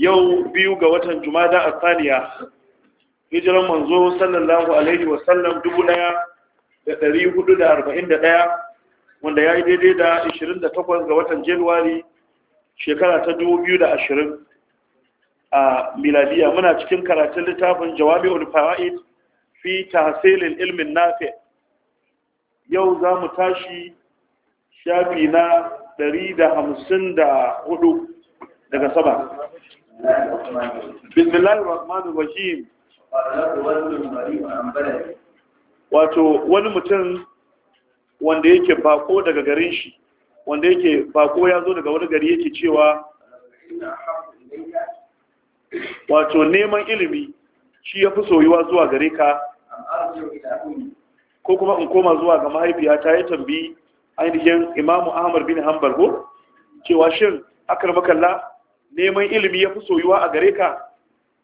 yau biyu ga watan jumada a saniya hijiran manzo sallallahu alaihi wasallam dubu daya da dari hudu da arba'in da daya wanda ya yi daidai da ishirin da takwas ga watan januwari shekara ta dubu biyu da ashirin a miladiya muna cikin karatun littafin jawabi ulfawa'id fi tahsilil ilmin nafi yau za mu tashi shafi na dari da hamsin da hudu daga sama بسم الله الرحمن الرحيم wato wani mutum wanda yake bako daga garin shi wanda yake bako ya zo daga wani gari yake cewa wato neman ilimi shi ya fi soyuwa zuwa gare ka ko kuma in koma zuwa ga mahaifiyata ya tambi ainihin imamu ahmad bin hanbal ko cewa shin akar makalla neman ilimi ya fi soyuwa a gare ka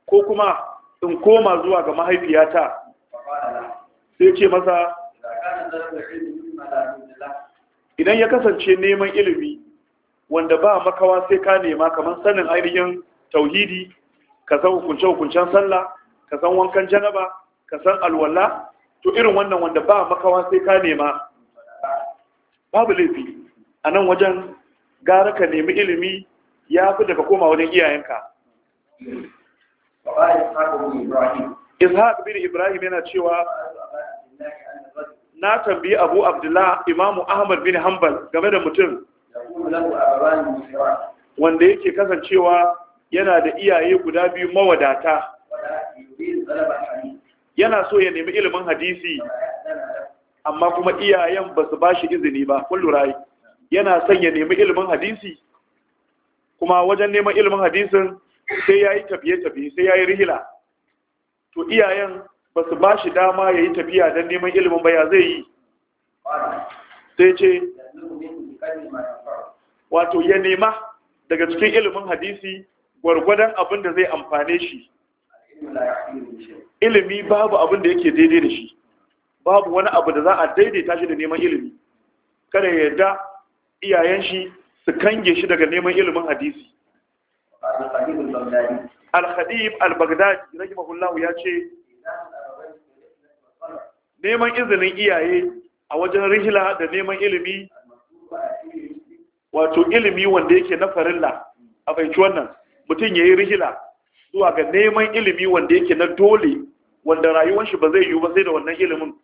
ko kuma in koma zuwa ga mahaifiyata sai ce masa idan ya kasance neman ilimi wanda ba makawa sai ka nema kamar sanin ainihin tauhidi ka san hukunce-hukuncen sallah ka san wankan janaba ka san alwala to irin wannan wanda ba makawa sai ka nema babu laifi a nan wajen gara ka nemi ilimi ya fi daga koma wajen iyayenka ishaq bin ibrahim yana cewa na tambayi abu abdullah imamu ahmad bin hanbal game da mutum wanda yake kasancewa yana da iyaye guda biyu mawadata yana so ya nemi ilimin hadisi amma kuma iyayen ba su ba shi izini ba kullu rai yana son ya nemi ilimin hadisi kuma wajen neman ilimin hadisin sai ya yi tafiye-tafiye sai ya yi rihila to iyayen ba su ba shi dama ya yi tafiya don neman ilimin ba ya zai yi sai ce wato ya nema daga cikin ilimin hadisi gwargwadon abin da zai amfane shi ilimi babu abin da yake daidai da shi babu wani abu da za a daidaita shi da neman ilimi kada ya yarda iyayen shi su kange shi daga neman ilimin hadisi al khadib al-baghdadi rahimahullahu ya ce neman izinin iyaye a wajen rihla da neman ilimi wato ilimi wanda yake na farilla a fahimci wannan mutum ya yi zuwa ga neman ilimi wanda yake na dole wanda rayuwar shi ba zai yiwu ba sai da wannan ilimin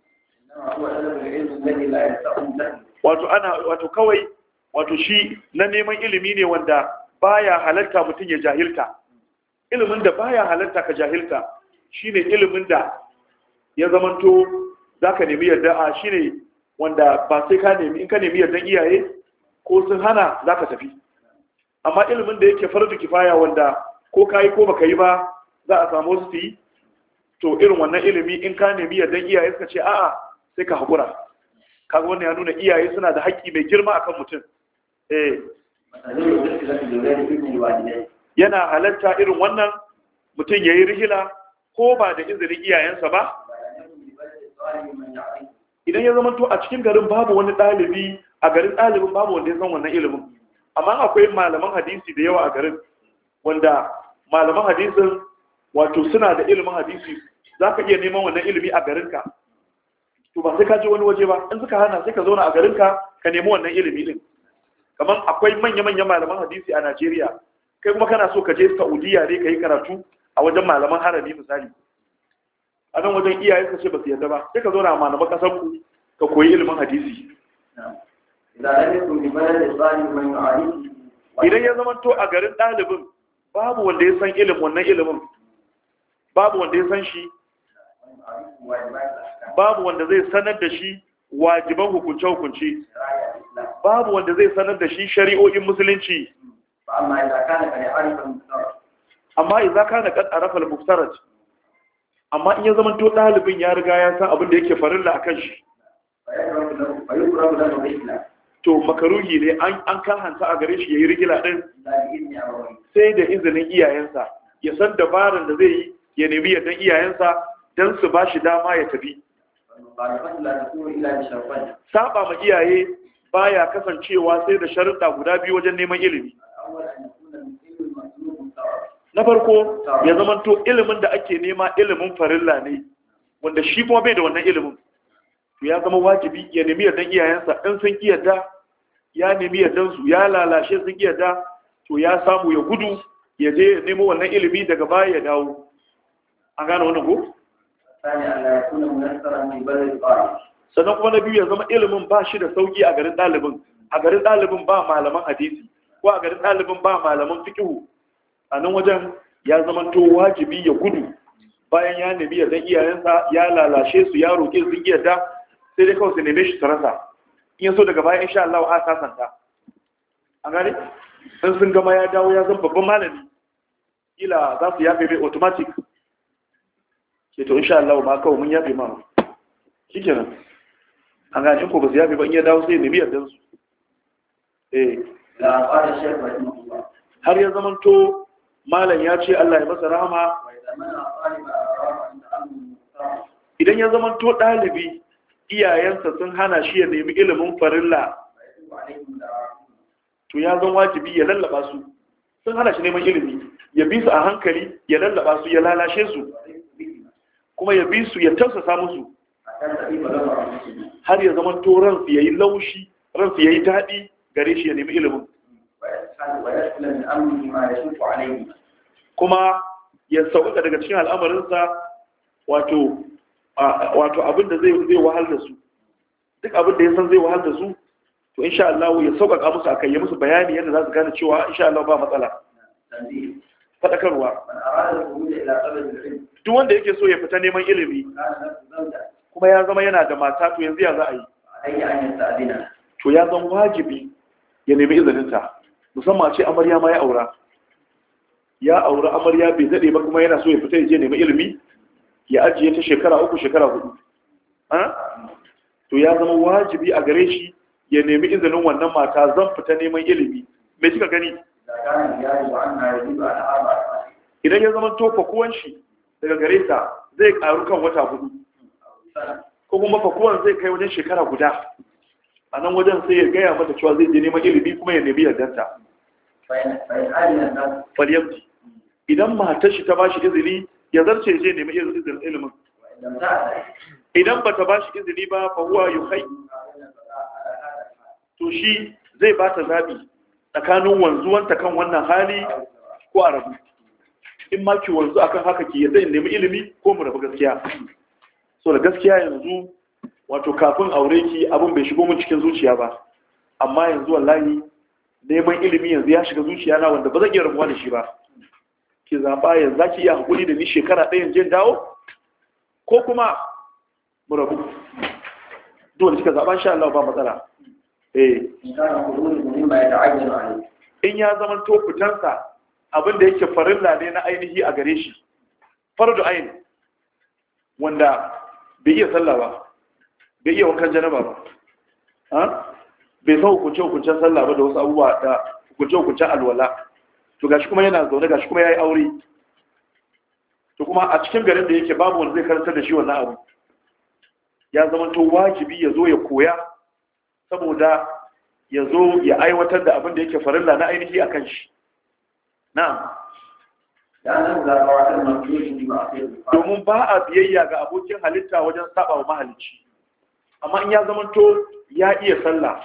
wato ana wato kawai wato shi na neman ilimi ne wanda baya halatta mutum ya jahilta ilimin da baya halatta ka jahilta shine ilimin da ya zamanto zaka nemi yarda a shine wanda ba sai ka nemi in ka nemi yardan iyaye ko sun hana ka tafi amma ilimin da yake farzu kifaya wanda ko yi ko baka yi ba za a samu su yi to irin wannan ilimi in ka nemi yarda iyaye suka ce a'a sai ka hakura kaga wannan ya nuna iyaye suna da haƙƙi mai girma akan mutum Eh. yana halatta irin wannan mutum ya yi rihila ko ba da izinin iyayensa ba idan ya zama to a cikin garin babu wani ɗalibi a garin ɗalibin babu wanda ya san wannan ilimin amma akwai malaman hadisi da yawa a garin wanda malaman hadisin wato suna da ilimin hadisi za ka iya neman wannan ilimi a garinka to ba sai ka je wani waje ba in suka hana sai ka zauna a garinka ka nemi wannan ilimi din kamar akwai manya-manyan malaman hadisi a Najeriya kai kuma kana so ka je Saudiya ne ka yi karatu a wajen malaman harami misali a nan wajen iyaye ka ce ba su yarda ba sai ka zo na malaman kasar ku ka koyi ilimin hadisi idan ya zama to a garin ɗalibin babu wanda ya san ilimin wannan ilimin babu wanda ya san shi babu wanda zai sanar da shi wajiban hukunce-hukunce babu wanda zai sanar da shi shari'o'in musulunci amma idza kana qad arafa al-muftaraj amma in ya zama to dalibin ya riga ya san abin da yake farilla akan shi to makaruhi ne an hanta a gare shi yayi rigila din sai da izinin iyayensa ya san dabaran da zai yi ya nemi yardan iyayensa dan su bashi dama ya tafi saba ma iyaye baya kasancewa sai da sharuɗa guda biyu wajen neman ilimi na farko ya zamanto ilimin da ake nema ilimin farilla ne wanda shi kuma bai da wannan ilimin to ya zama wajibi ya nemi yardan iyayensa in sun yarda ya nemi yardan su ya lalashe sun yarda to ya samu ya gudu ya je nemo wannan ilimi daga baya ya dawo an gane wannan ko sannan kuma na biyu ya zama ilimin ba shi da sauki a garin ɗalibin a garin ɗalibin ba malaman hadisi ko a garin ɗalibin ba malaman fikihu a nan wajen ya zama to wajibi ya gudu bayan ya nemi zan iyayensa ya lalashe su ya roƙe su yarda sai dai kawai su neme shi su in yaso daga baya insha Allah a sasanta a gane in sun gama ya dawo ya zama babban malami kila za su yafe mai automatic ke to insha Allah ma kawai mun yafe ma shikenan an gani ko ba su yafi ba in ya dawo sai nemi yardan su eh har ya to malam ya ce Allah ya masa rahama idan ya to dalibi, iyayensa sun hana shi ya nemi ilimin farilla to ya zan wajibi ya lallaba su sun hana shi neman ilimi ya bi su a hankali ya lallaba su ya lalashe su kuma ya bi su ya tausasa musu har ya zama to ran ya yi laushi ran ya yi taɗi, gare shi ya nemi ilimin kuma ya sauka daga cikin al'amarinsa wato abin da zai wahal da su duk abin da ya san zai wahal da su to insha Allah ya sauƙaƙa musu akai ya musu bayani yadda za su gane cewa insha Allah ba matsala faɗakarwa duk wanda yake so ya fita neman ilimi kuma ya zama yana da mata to yanzu ya za a yi to ya zan wajibi ya nemi izininta musamman ce amarya ma ya aura ya aura amarya bai daɗe ba kuma yana so ya fita ya je nemi ilimi ya ajiye ta shekara uku shekara hudu to ya zama wajibi a gare shi ya nemi izinin wannan mata zan fita neman ilimi mai kika gani idan ya zama to fakuwan shi daga gare ta zai karu kan wata hudu ko kuma fakuwan zai kai wajen shekara guda a nan wajen sai ya gaya mata cewa zai je neman ilimi kuma ya nemi yardanta falyamti idan matar shi ta bashi izini ya zarce je nemi izinin ilimin idan ba ta bashi izini ba fahuwa huwa kai. to shi zai ba ta zabi tsakanin wanzuwanta kan wannan hali ko a rabu in maki wanzu akan haka ki yadda in nemi ilimi ko mu rabu gaskiya so da gaskiya yanzu wato kafin aure ki abin bai shigo mun cikin zuciya ba amma yanzu wallahi neman ilimi yanzu ya shiga zuciya na wanda ba zan iya rabuwa da shi ba ki zaɓa yanzu za ki iya haƙuri da ni shekara ɗayan jin dawo ko kuma mu rabu Dole kika zaɓa insha Allah ba matsala eh in ya zama to fitansa abin da yake farilla ne na ainihi a gare shi fardu ain wanda bai iya sallah ba bai iya wankan janaba ba bai san hukunce-hukuncen sallah ba da wasu abubuwa da hukunce-hukuncen alwala to gashi kuma yana zaune gashi kuma ya yi aure to kuma a cikin garin da yake babu wanda zai karantar da shi wannan abu ya zama to wajibi ya zo ya koya saboda ya zo ya aiwatar da abin da yake farilla na ainihi a kan shi na'am domin ba a biyayya ga abokin halitta wajen saba wa mahalicci amma in ya zamanto ya iya sallah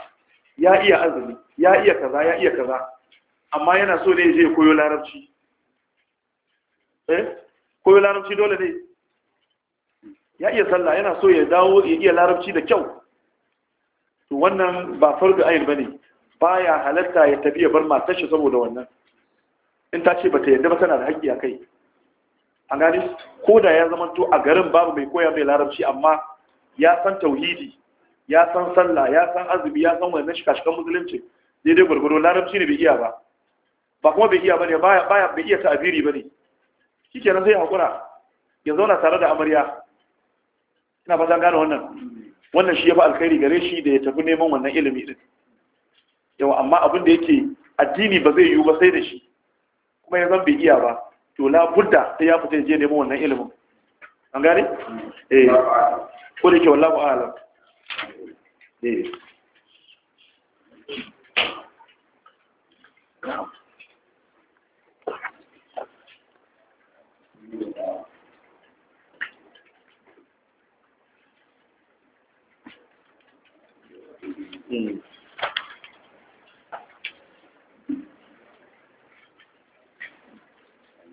ya iya azumi ya iya kaza ya iya kaza amma yana so ne zai koyo larabci eh koyo larabci dole ne ya iya sallah yana so ya dawo ya iya larabci da kyau to wannan ba fardu ayin ne, baya halatta ya tafi ya bar ma shi saboda wannan in ta ce bata yadda ba tana da haƙƙi a kai A gani ko da ya zama to a garin babu mai koya mai larabci amma ya san tauhidi ya san sallah ya san azumi ya san wannan shikashikan musulunci daidai gwargwado larabci ne bai iya ba ba kuma bai iya ba ne baya bai iya ta'abiri ba ne shi kenan sai haƙura ya zauna tare da amarya ina ba zan gane wannan wannan shi ya fi alkhairi gare shi da ya tafi neman wannan ilimi din yawa amma abin da yake addini ba zai yiwu ba sai da shi kuma ya zan bai iya ba to la budda sai ya fita je neman wannan ilimin an gane eh ko da ke wallahu a'lam eh Mm-hmm.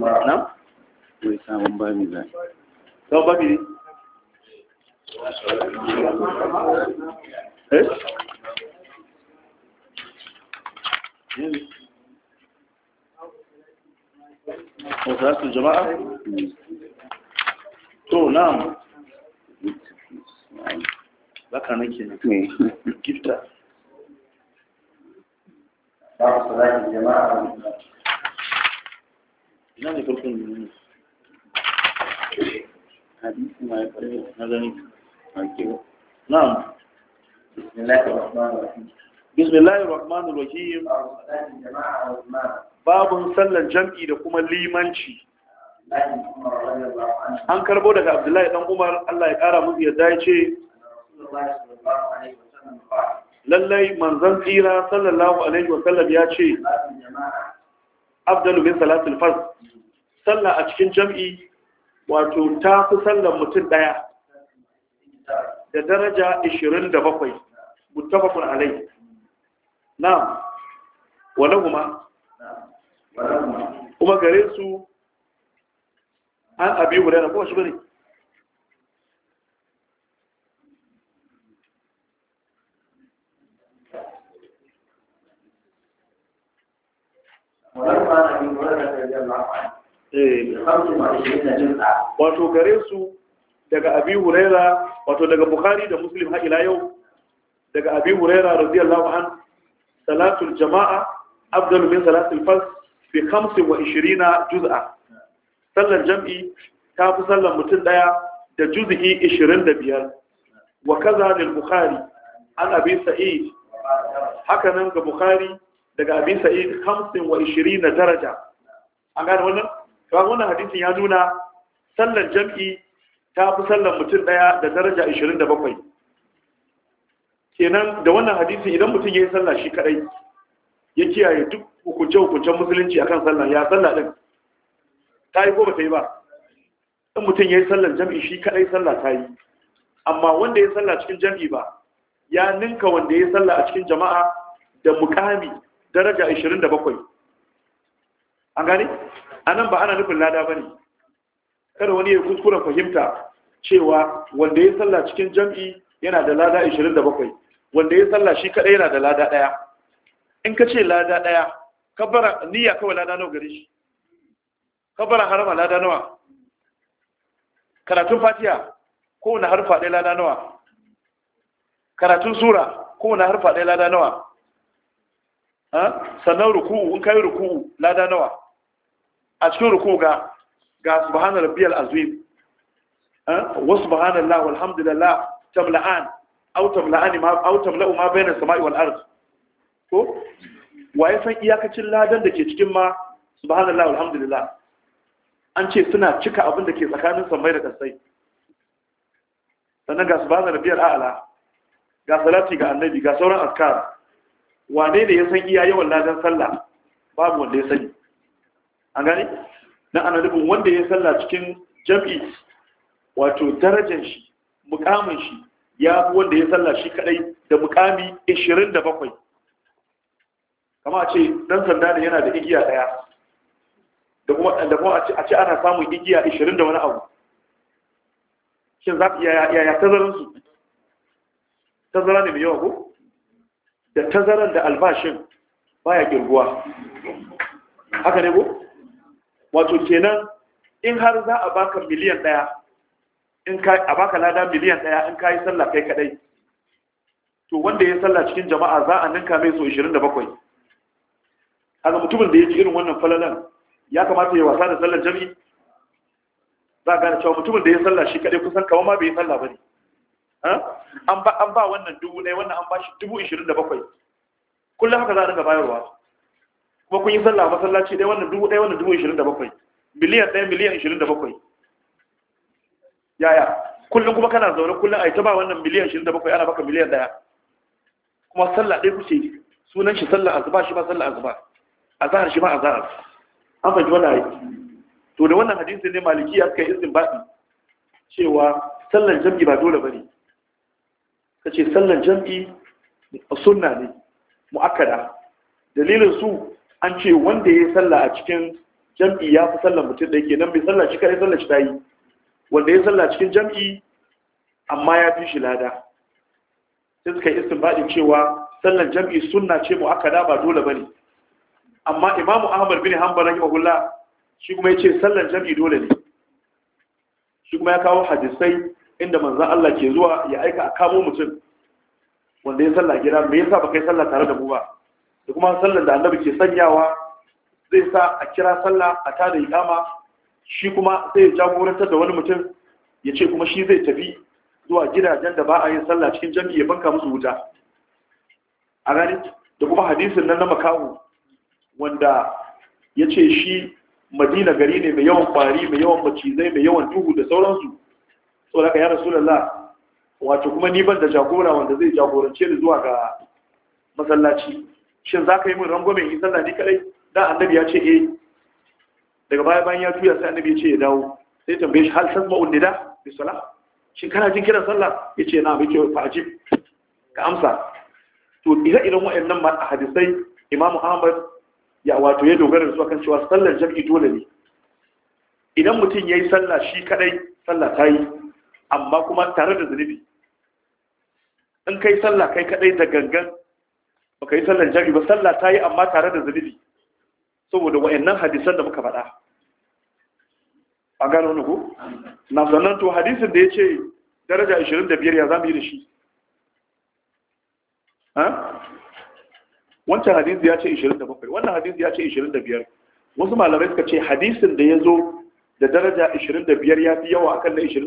na? Wai sabon eh? To, Baka nake ne. Eh. Gifta. Ba su jama'a. ina farkon babun sallar jam'i da kuma limanci an karbo daga abdullahi dan umar Allah ya kara musu yadda ya ce lallai manzon tsira sallallahu alaihi wasallam ya ce afdalu min salatul farz sallah a cikin jam'i wato ta fi sallan mutum daya da daraja 27 muttafaqun alai na'am walahuma kuma gare su an abi hurairah ko shi bane wato gare su daga abi huraira wato daga bukhari da muslim har ila yau daga abi huraira radiyallahu an salatul jama'a Abdul min salatul fas fi 25 juz'a sallar jam'i ta fi sallan mutum daya da juz'i 25 wa kaza lil bukhari an abi sa'id haka nan ga bukhari daga abi sa'id 25 daraja an gane wannan ka wannan hadisin ya nuna sallar jam'i ta fi sallar mutum ɗaya da daraja 27 kenan da wannan hadisin idan mutum ya yi sallar shi kadai ya kiyaye duk hukunce-hukuncen musulunci akan sallar. ya sallar din ta yi ko ba ta yi ba in mutum ya yi sallar jam'i shi kadai sallar ta yi amma wanda ya sallar cikin jam'i ba ya ninka wanda ya sallar a cikin jama'a da mukami daraja 27 an gane anan ba ana nufin lada bane kada wani ya kuskuren fahimta cewa wanda ya sallah cikin jam'i yana da lada 27 wanda ya sallah shi kadai yana da lada daya in ka ce lada daya kabbara niyya kawai lada nawa gare shi kabbara harama lada nawa karatun fatiha kowane harfa ɗaya lada nawa karatun sura kowane harfa ɗaya lada nawa sannan ruku'u in ka yi ruku'u lada nawa a cikin ruku ga ga subhanar rabbiyal azim eh? wa subhanallah walhamdulillah tamla'an aw tamla'an ma bayanar samai wal Ko, wa waye san iyakacin ladan da ke cikin ma la walhamdulillah an ce suna cika abin da ke tsakanin samai da kasai sannan ga subhanar biyar a'ala, ga salati ga annabi ga sauran askar wane ne ya san iya yawan ladan sallah babu wanda ya sani an gane na ana nufin wanda ya sallah cikin jam'i wato darajar shi mukamin shi ya fi wanda ya sallah shi kadai da mukami 27 kama ce dan sanda ne yana da igiya daya da kuma da kuma a ce ana samun igiya 20 da wani abu shin za ku ya ya su tazara ne mai yawa ko da tazaran da albashin baya girguwa haka ne ko wato kenan in har za a baka miliyan ɗaya in ka a baka lada miliyan ɗaya in ka yi sallah kai kaɗai to wanda ya sallah cikin jama'a za a ninka mai so 27 haka mutumin da ya ji irin wannan falalan ya kamata ya wasa da sallar jami'i za a gane cewa mutumin da ya sallah shi kaɗai kusan kama ma bai yi sallah ba ne an ba wannan dubu ɗaya wannan an ba shi dubu ishirin da bakwai kullum haka za a dinga bayarwa kuma kun yi sallah a masallaci ɗaya wannan dubu ɗaya wannan dubu ishirin da bakwai miliyan ɗaya miliyan ishirin da bakwai yaya kullum kuma kana zaune kullum a yi ta ba wannan miliyan ishirin da bakwai ana baka miliyan ɗaya kuma sallah ɗaya kuce sunan shi sallah azuba shi ma sallah azuba azahar shi ma azahar an fahimci wannan aiki to da wannan hadisi ne maliki ya suka yi istinbadi cewa sallan jam'i ba dole bane kace sallan jam'i sunna ne mu'akkada dalilin su an ce wanda ya yi sallah a cikin jam'i ya fi sallah mutum da yake nan bai sallah shi kare sallah shi ta yi wanda ya sallah cikin jam'i amma ya fi shi lada sai suka yi istinbadin cewa sallan jam'i sunna ce mu aka da ba dole bane amma imamu ahmad bin hanbal rahimahullah shi kuma ya ce sallan jam'i dole ne shi kuma ya kawo hadisai inda manzon Allah ke zuwa ya aika a kamo mutum wanda ya salla gida me yasa ba kai sallah tare da mu ba da kuma sallar da annabi ke sanyawa zai sa a kira sallah a tada ikama shi kuma zai jagorantar da wani mutum ya ce kuma shi zai tafi zuwa gidajen da ba a yin sallah cikin jami ya banka musu wuta a gani da kuma hadisin nan na makaho, wanda ya ce shi madina gari ne mai yawan kwari mai yawan macizai mai yawan duhu da sauransu ka daga su lalla wato kuma ni ban da jagora wanda zai jagorance ni zuwa ga masallaci shin za ka yi min rangwame yi sallah ni kadai da annabi ya ce eh daga baya bayan ya tuya sai annabi ya ce ya dawo sai tambaye shi hal tasma undida bi sala shin kana jin kiran sallah ya ce na bai ce fa ajib ka amsa to idan iren wa'annan ma hadisai imam ahmad ya wato ya dogara da su akan cewa sallar jami'i dole ne idan mutum yayi sallah shi kadai sallah ta yi amma kuma tare da zunubi in kai sallah kai kadai da gangan baka yi sallar jami'i ba sallah ta yi amma tare da zunubi saboda wa'annan hadisan da muka faɗa a gano ni na sannan to hadisin da ya ce daraja 25 ya mu yi da shi wancan hadisi ya ce 27 wannan hadisi ya ce 25 wasu malamai suka ce hadisin da ya zo da daraja 25 ya fi yawa akan na 27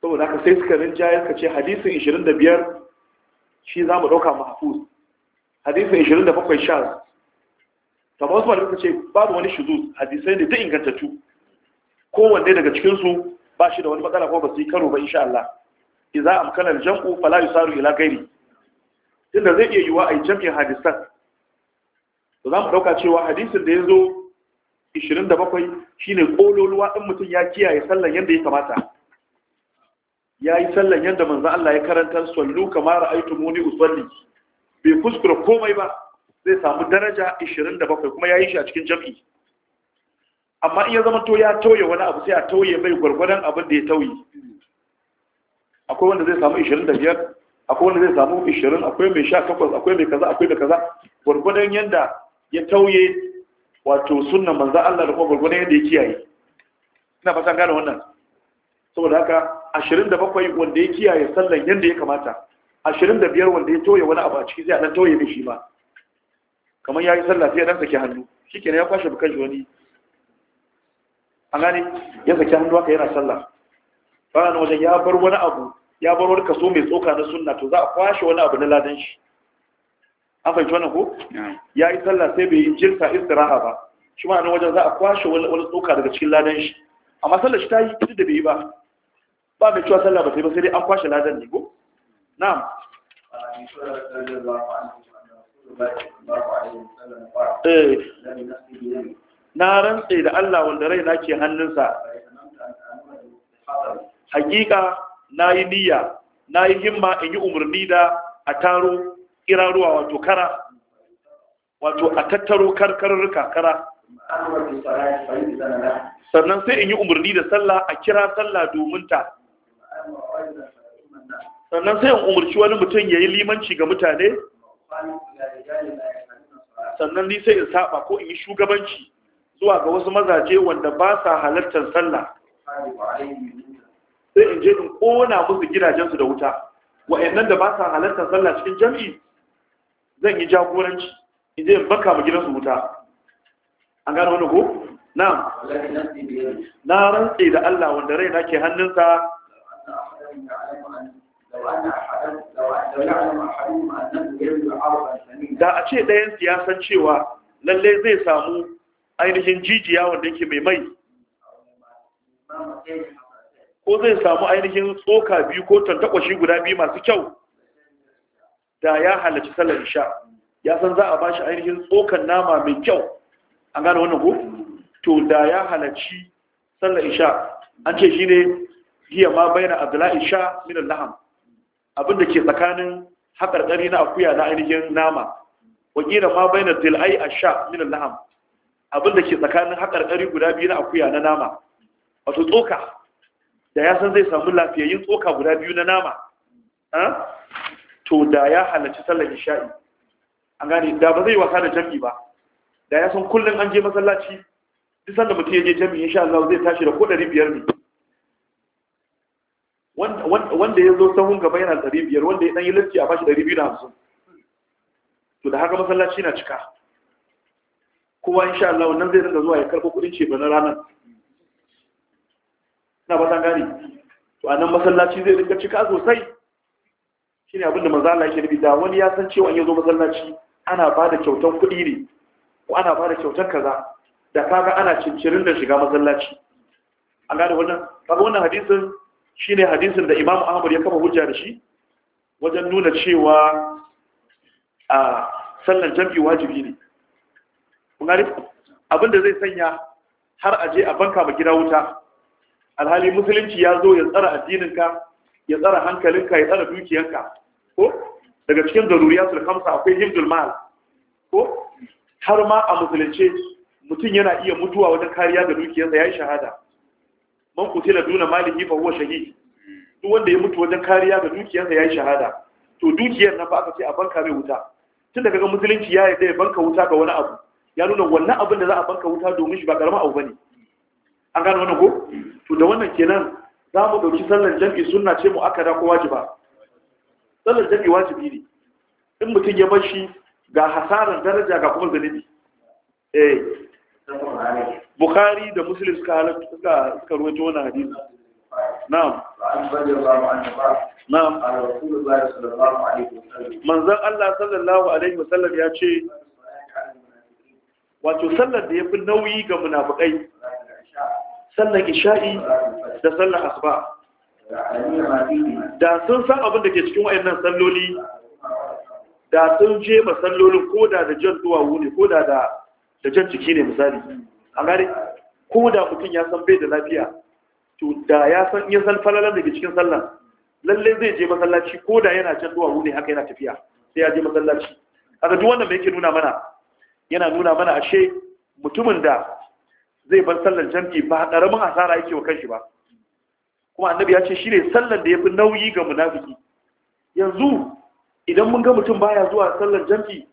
saboda aka sai suka rinjaya suka ce hadisin 25 shi za mu ɗauka mahfuz hadisin 27 shaz kamar wasu malamai ce babu wani shuzuz hadisai ne ta ingantattu kowanne daga cikinsu ba shi da wani matsala ko ba su yi karo ba insha Allah idza amkana al fala yusaru ila ghairi tunda zai iya yiwa ai jam'in hadisan to za mu dauka cewa hadisin da ya yazo 27 shine kololuwa ɗin mutum ya kiyaye sallan yadda ya kamata ya yi sallan yadda manzan Allah ya karanta sallu kamar ra'aitu muni usalli bai kuskura komai ba zai samu daraja 27 kuma ya yi shi a cikin jam'i amma iya zama to ya tauye wani abu sai a tauye mai gwargwadon abin da ya tauye akwai wanda zai samu 25 akwai wanda zai samu 20 akwai mai 18 akwai mai kaza akwai da kaza gwargwadon yadda ya tauye wato sunan manzan Allah da kuma gwargwadon yadda ya kiyaye ina fatan gane wannan saboda haka 27 wanda ya kiyaye sallan yadda ya kamata 25 wanda ya toye wani abu a ciki zai nan toye shi ma kamar yi sallah sai dan saki hannu shikenan ya kwashe bukashi wani a gani ya saki hannu haka yana sallah na wajen ya bar wani abu ya bar wani kaso mai tsoka na sunna to za a kwashe wani abu na ladan shi an fahimci wannan ko ya yi sallah sai bai yi jirka istiraha ba shi ma'ana nan wajen za a kwashe wani tsoka daga cikin ladan shi amma sallar shi ta yi ita da bai yi ba ba mai cewa sallah ba sai ba sai dai an kwashe ladan ne ko na'am eh. na rantse da Allah wanda raina ke hannunsa hakika na yi niyya na yi himma in yi umarni da a taro kiraruwa wato kara wato a tattaro karkarurka kara sannan sai in yi umarni da sallah a kira sallah domin ta sannan sai in umarci wani mutum ya yi limanci ga mutane sannan ni sai in saba ko in yi shugabanci zuwa ga wasu mazaje wanda ba sa halartar sallah sai in je in kona musu gidajensu da wuta wa'annan da ba sa halartar sallah cikin jam'i zan yi jagoranci in je in baka mu gidansu wuta an gano wani ko na na rantse da Allah wanda raina ke hannunsa da a ce ɗayan siyasan cewa lalle zai samu ainihin jijiya wanda yake mai mai ko zai samu ainihin tsoka biyu ko tantakwashi guda biyu masu kyau da ya halarci salar isha ya san za a bashi ainihin tsokan nama mai kyau an gane wannan ko to da ya halarci salar isha an ce shine hiya ma bayyana abdullahi sha minan Lahama. abin da ke tsakanin haƙarƙari na akuya na ainihin nama wakila ma bai na zil'ai a sha minan na'am abin da ke tsakanin haƙarƙari guda biyu na akuya na nama wato tsoka da ya san zai samu lafiyayyun tsoka guda biyu na nama to da ya halarci sallar isha'i an gane da ba zai wasa da jam'i ba da ya san kullum an je masallaci duk sanda mutum ya je Jami'in sha Allah zai tashi da ko biyar ne wanda ya zo sahun gaba yana ɗari biyar wanda ya ɗan yi lifti a bashi ɗari biyu da hamsin to da haka masallaci na cika kowa insha Allah wannan zai dinga zuwa ya karɓo kuɗin ce ba na ranar na ba gani to a nan masallaci zai dinga cika sosai shi ne abinda maza Allah yake nufi da wani ya san cewa in ya zo masallaci ana ba da kyautar kuɗi ne ko ana ba da kyautar kaza da kaga ana cincirin da shiga masallaci an gane wannan kaga wannan hadisin Shi ne hadisin da Imam Ahmad ya kama hujja da shi wajen nuna cewa a sallan jam'i wajibi ne kun abinda zai sanya har aje a banka ma gida wuta alhali musulunci ya zo ya tsara addininka ya tsara hankalinka ya tsara dukiyanka ko daga cikin daruriyatul sulhamsa akwai himdul mal ko har ma a musulunce mutum yana iya mutuwa wajen kariya da dukiyansa ya yi shahada man kutila duna malihi fa huwa shahid duk wanda ya mutu wajen kariya ga dukiyarsa yayi shahada to dukiyar nan ba aka ce a banka mai wuta tun daga ga musulunci ya yarda ya banka wuta ga wani abu ya nuna wannan abin da za a banka wuta domin shi ba karama abu bane an gano wannan ko to da wannan kenan za mu dauki sallar jami'i sunna ce mu akada ko wajiba sallar jami'i wajibi ne in mutum ya bar shi ga hasaran daraja ga kuma zanibi eh bukhari da muslim suka halatta suka suka rawaito wannan hadisi na'am na'am manzon Allah sallallahu alaihi wasallam ya ce wato sallar da yafi nauyi ga munafikai sallar isha'i da sallar asuba da sun san abin da ke cikin wayannan salloli da sun je masallolin koda da jan duwawu ne koda da da jan ciki ne misali a gane ko da mutum ya san bai da lafiya to da ya san ya san falalan da cikin sallan lalle zai je masallaci ko da yana can ne haka yana tafiya sai ya je masallaci A duk wannan mai yake nuna mana yana nuna mana ashe mutumin da zai bar sallar jam'i ba karamin asara yake wa shi ba kuma annabi ya ce shine sallar da ya fi nauyi ga munafiki yanzu idan mun ga mutum baya zuwa sallar jam'i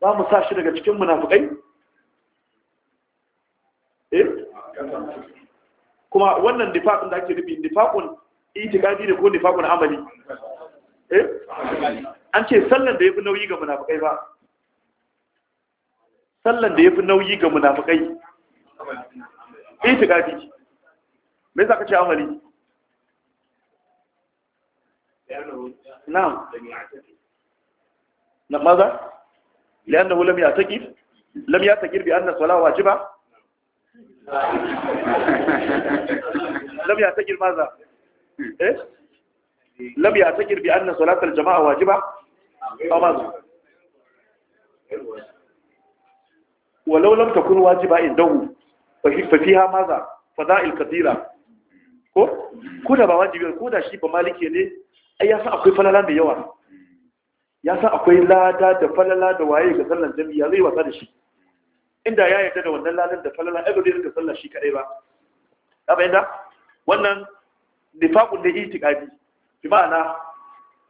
za mu sa shi daga cikin munafikai Eh? kuma wannan nifaqin da ake nufi nifaqun itikadi ne ko nifaqun amali eh an ce sallan da yafi nauyi ga munafikai ba sallan da yafi nauyi ga munafikai itikadi me yasa kace amali na'am na maza li'annahu lam ya'taqid lam ya'taqid bi anna as-salata wajiba Lamya ta takir maza eh lam ya takir anna salatul jama'a wajiba aw mazu walau lam takun wajiba indahu fa fiha maza fada'il kathira ko ko da ba wajibi ko da shi ba malike ne ai ya san akwai falala da yawa ya san akwai lada da falala da waye ga sallan jami'a zai wasa da shi inda ya yarda da wannan ladan da falala ai ba zai rika shi kadai ba ka fahimta wannan nifaqun da itiqadi bi ma'ana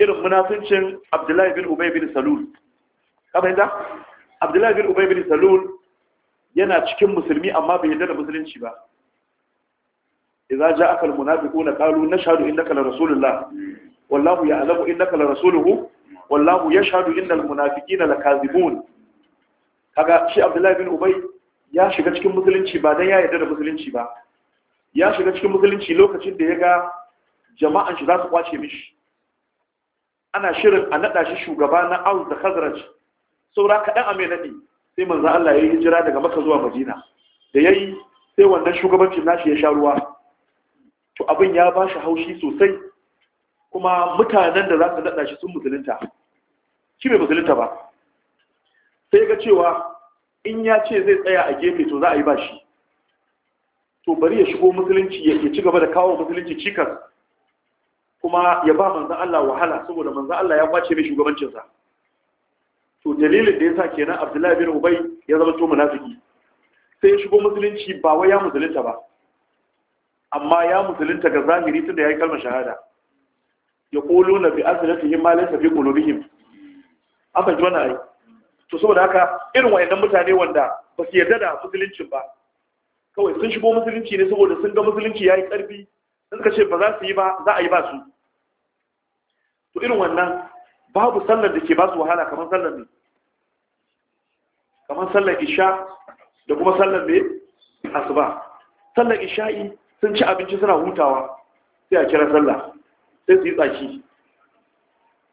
irin munafincin Abdullahi bin Ubay bin Salul ka fahimta Abdullahi bin Ubay bin Salul yana cikin musulmi amma bai yarda da musulunci ba idza ja'aka almunafiquna qalu nashhadu innaka la rasulullah wallahu ya'lamu innaka la rasuluhu wallahu yashhadu innal munafiqina lakazibun kaga shi abdullahi bin Ubai ya shiga cikin musulunci ba dan ya yarda da musulunci ba ya shiga cikin musulunci lokacin da ya ga jama'an shi za su kwace mishi ana shirin a naɗa shi shugaba na aus da khazraj saura kaɗan a mai sai manzan Allah ya yi hijira daga maka zuwa madina da yayi sai wannan shugabancin nashi ya sha ruwa to abin ya ba shi haushi sosai kuma mutanen da za su naɗa shi sun musulunta shi bai musulunta ba sai ga cewa in ya ce zai tsaya a gefe to za a yi ba shi. to bari ya shigo musulunci ya ci gaba da kawo musulunci cikas kuma ya ba manzan Allah wahala saboda manzan Allah ya kwace mai shugabancinsa to dalilin da ya sa kenan abdullahi bin ubai ya zama to munafiki sai ya shigo musulunci ba wai ya musulunta ba amma ya musulunta ga zahiri tunda ya yi kalmar shahada ya kolo na bi asilatihim ma laysa fi qulubihim aka ji wani ayi to saboda haka irin wayannan mutane wanda ba su yarda da musuluncin ba kawai sun shigo musulunci ne saboda sun ga musulunci yayi yi sun ka ce ba za su yi ba za a yi ba su to irin wannan babu sallar da ke ba su wahala kamar sallar ne kamar sallar isha da kuma sallar ne asuba sallar isha'i sun ci abinci suna hutawa sai a kira sallah sai su yi tsaki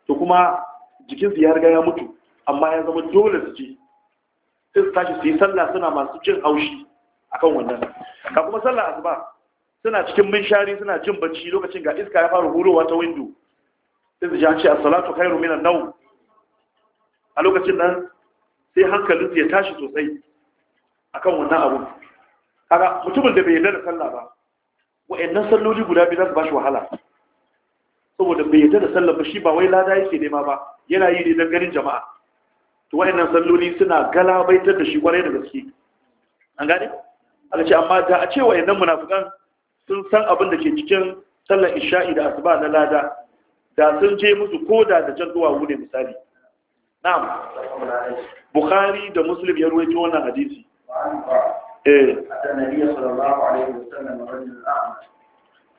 to kuma jikinsu ya riga ya mutu amma ya zama dole su ce, sai su tashi su yi sallah suna masu jin haushi akan wannan ga kuma sallah asuba suna cikin minshari suna jin bacci lokacin ga iska ya fara hurowa ta windo sai su jihanci an salatu khairu minan nawm a lokacin nan sai su ya tashi sosai akan wannan abu kaga mutumin da bai yarda da sallah ba wa'annan salloli guda biyu za su bashi wahala saboda bai yarda da sallah ba shi ba wai lada yake nema ba yana yi ne don ganin jama'a to wayannan salloli suna galabaitar da shi kwarai da gaske an gane aka ce amma da a ce wayannan munafikan sun san abin da ke cikin sallar isha'i da asuba na lada da sun je musu koda da jan zuwa ne misali na'am bukhari da muslim ya ruwaito wannan hadisi eh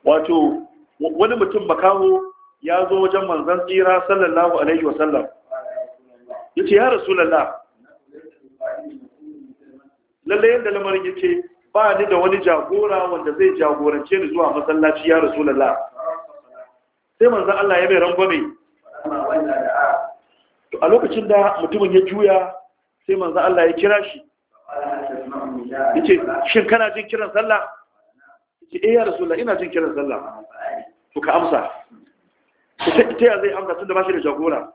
wato wani mutum makaho ya zo wajen manzon tsira sallallahu alaihi wasallam ya ce ya rasulallah lalle yadda lamarin ya ce ba ni da wani jagora wanda zai jagorance ni zuwa masallaci ya rasulallah sai manzan Allah ya mai rangwame a lokacin da mutumin ya juya sai manzan Allah ya kira shi ya ce shin kana jin kiran sallah ya ce eh ya rasulallah ina jin kiran sallah suka ka amsa ta ya zai amsa tun da ba shi da jagora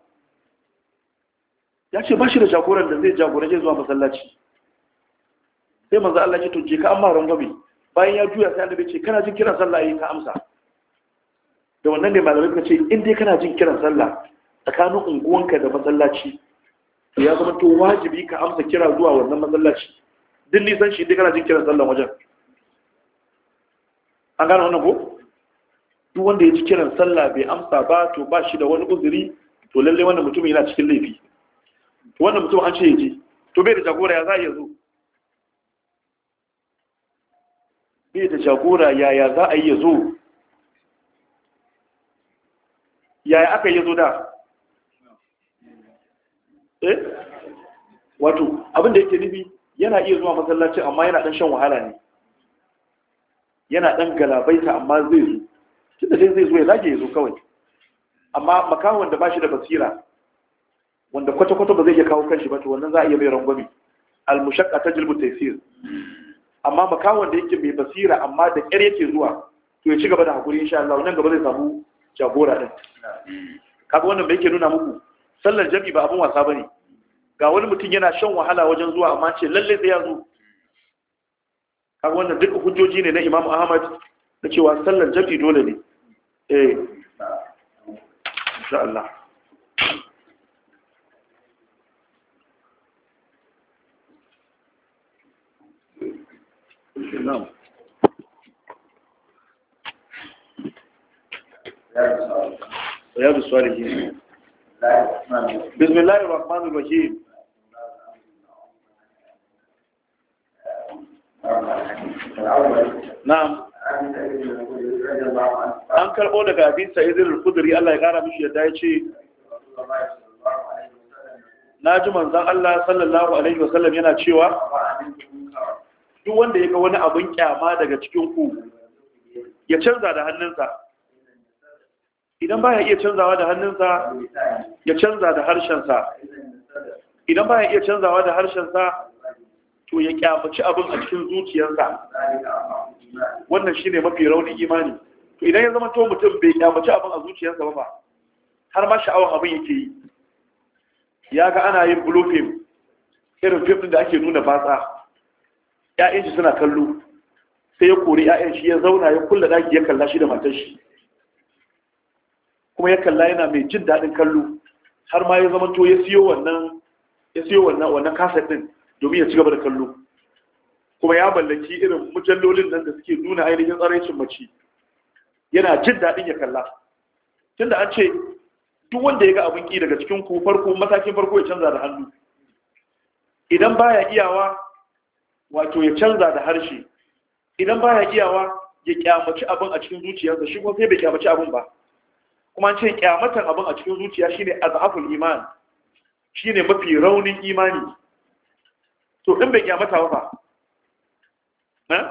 ya ce ba shi da jagoran da zai zai zuwa masallaci sai manzo Allah ya tunje ka amma rangwame bayan ya juya sai annabi ce kana jin kiran sallah yayin ka amsa da wannan ne malamai suka ce in dai kana jin kiran sallah tsakanin unguwanka da masallaci to ya zama to wajibi ka amsa kira zuwa wannan masallaci duk nisan shi dai kana jin kiran sallah wajen an gane wannan ko duk wanda ya ji kiran sallah bai amsa ba to ba shi da wani uzuri to lalle wannan mutum yana cikin laifi wannan mutum an ce ya to bai da jagora ya za a zo bai da jagora yaya za a yi ya zo yaya aka yi zo da eh wato abinda yake nufi yana iya zuwa masallaci amma yana dan shan wahala ne yana dan galabaita amma zai zo tunda sai zai zo ya zage ya zo kawai amma makawan da ba shi da basira wanda kwata-kwata ba zai iya kawo kanshi ba to wannan za a iya mai rangwami al ta tajlibu taysir amma makawan da yake mai basira amma da ƙyar yake zuwa to ya ci gaba da hakuri insha Allah nan gaba zai samu jagora din kaga wannan bai yake nuna muku sallar jami'i ba abun wasa bane ga wani mutum yana shan wahala wajen zuwa amma ce lalle sai ya zo kaga wannan duk hujjoji ne na Imam Ahmad da cewa sallar jami'i dole ne eh insha Allah نعم رياض الصالحين بسم الله الرحمن الرحيم نعم an karɓo daga abin sa'idin kuduri Allah ya ƙara mishi yadda ya ce na ji manzan Allah sallallahu alaihi wasallam yana cewa duk wanda ya ga wani abin kyama daga cikin ku ya canza da hannunsa idan ba ya iya canzawa da hannunsa ya canza da harshensa idan ba ya iya canzawa da harshensa to ya kyamaci abin a cikin zuciyarsa wannan shine mafi raunin imani to idan ya zama to mutum bai kyamaci abin a zuciyarsa ba har ma sha'awar abin yake yi ya ga ana yin blue film irin film da ake nuna fasa. Ya'yan shi suna kallo sai ya kori 'ya'yan shi ya zauna ya kulla daki ya kalla shi da matar shi kuma ya kalla yana mai jin daɗin kallo har ma ya zama to ya siyo wannan ya siyo wannan wannan kaset din domin ya ci gaba da kallo kuma ya mallaki irin mujallolin nan da suke nuna ainihin tsaraicin mace yana jin daɗin ya kalla tunda an ce duk wanda ya ga abin ki daga cikin ku farko matakin farko ya canza da hannu idan baya iyawa wato ya canza da harshe idan ba ya iyawa ya kyamaci abin a cikin zuciyarsa shi kuma sai bai kyamaci abin ba kuma ce kyamatan abin a cikin zuciya shi ne azhaful iman ne mafi raunin imani to in bai kyamata ba eh?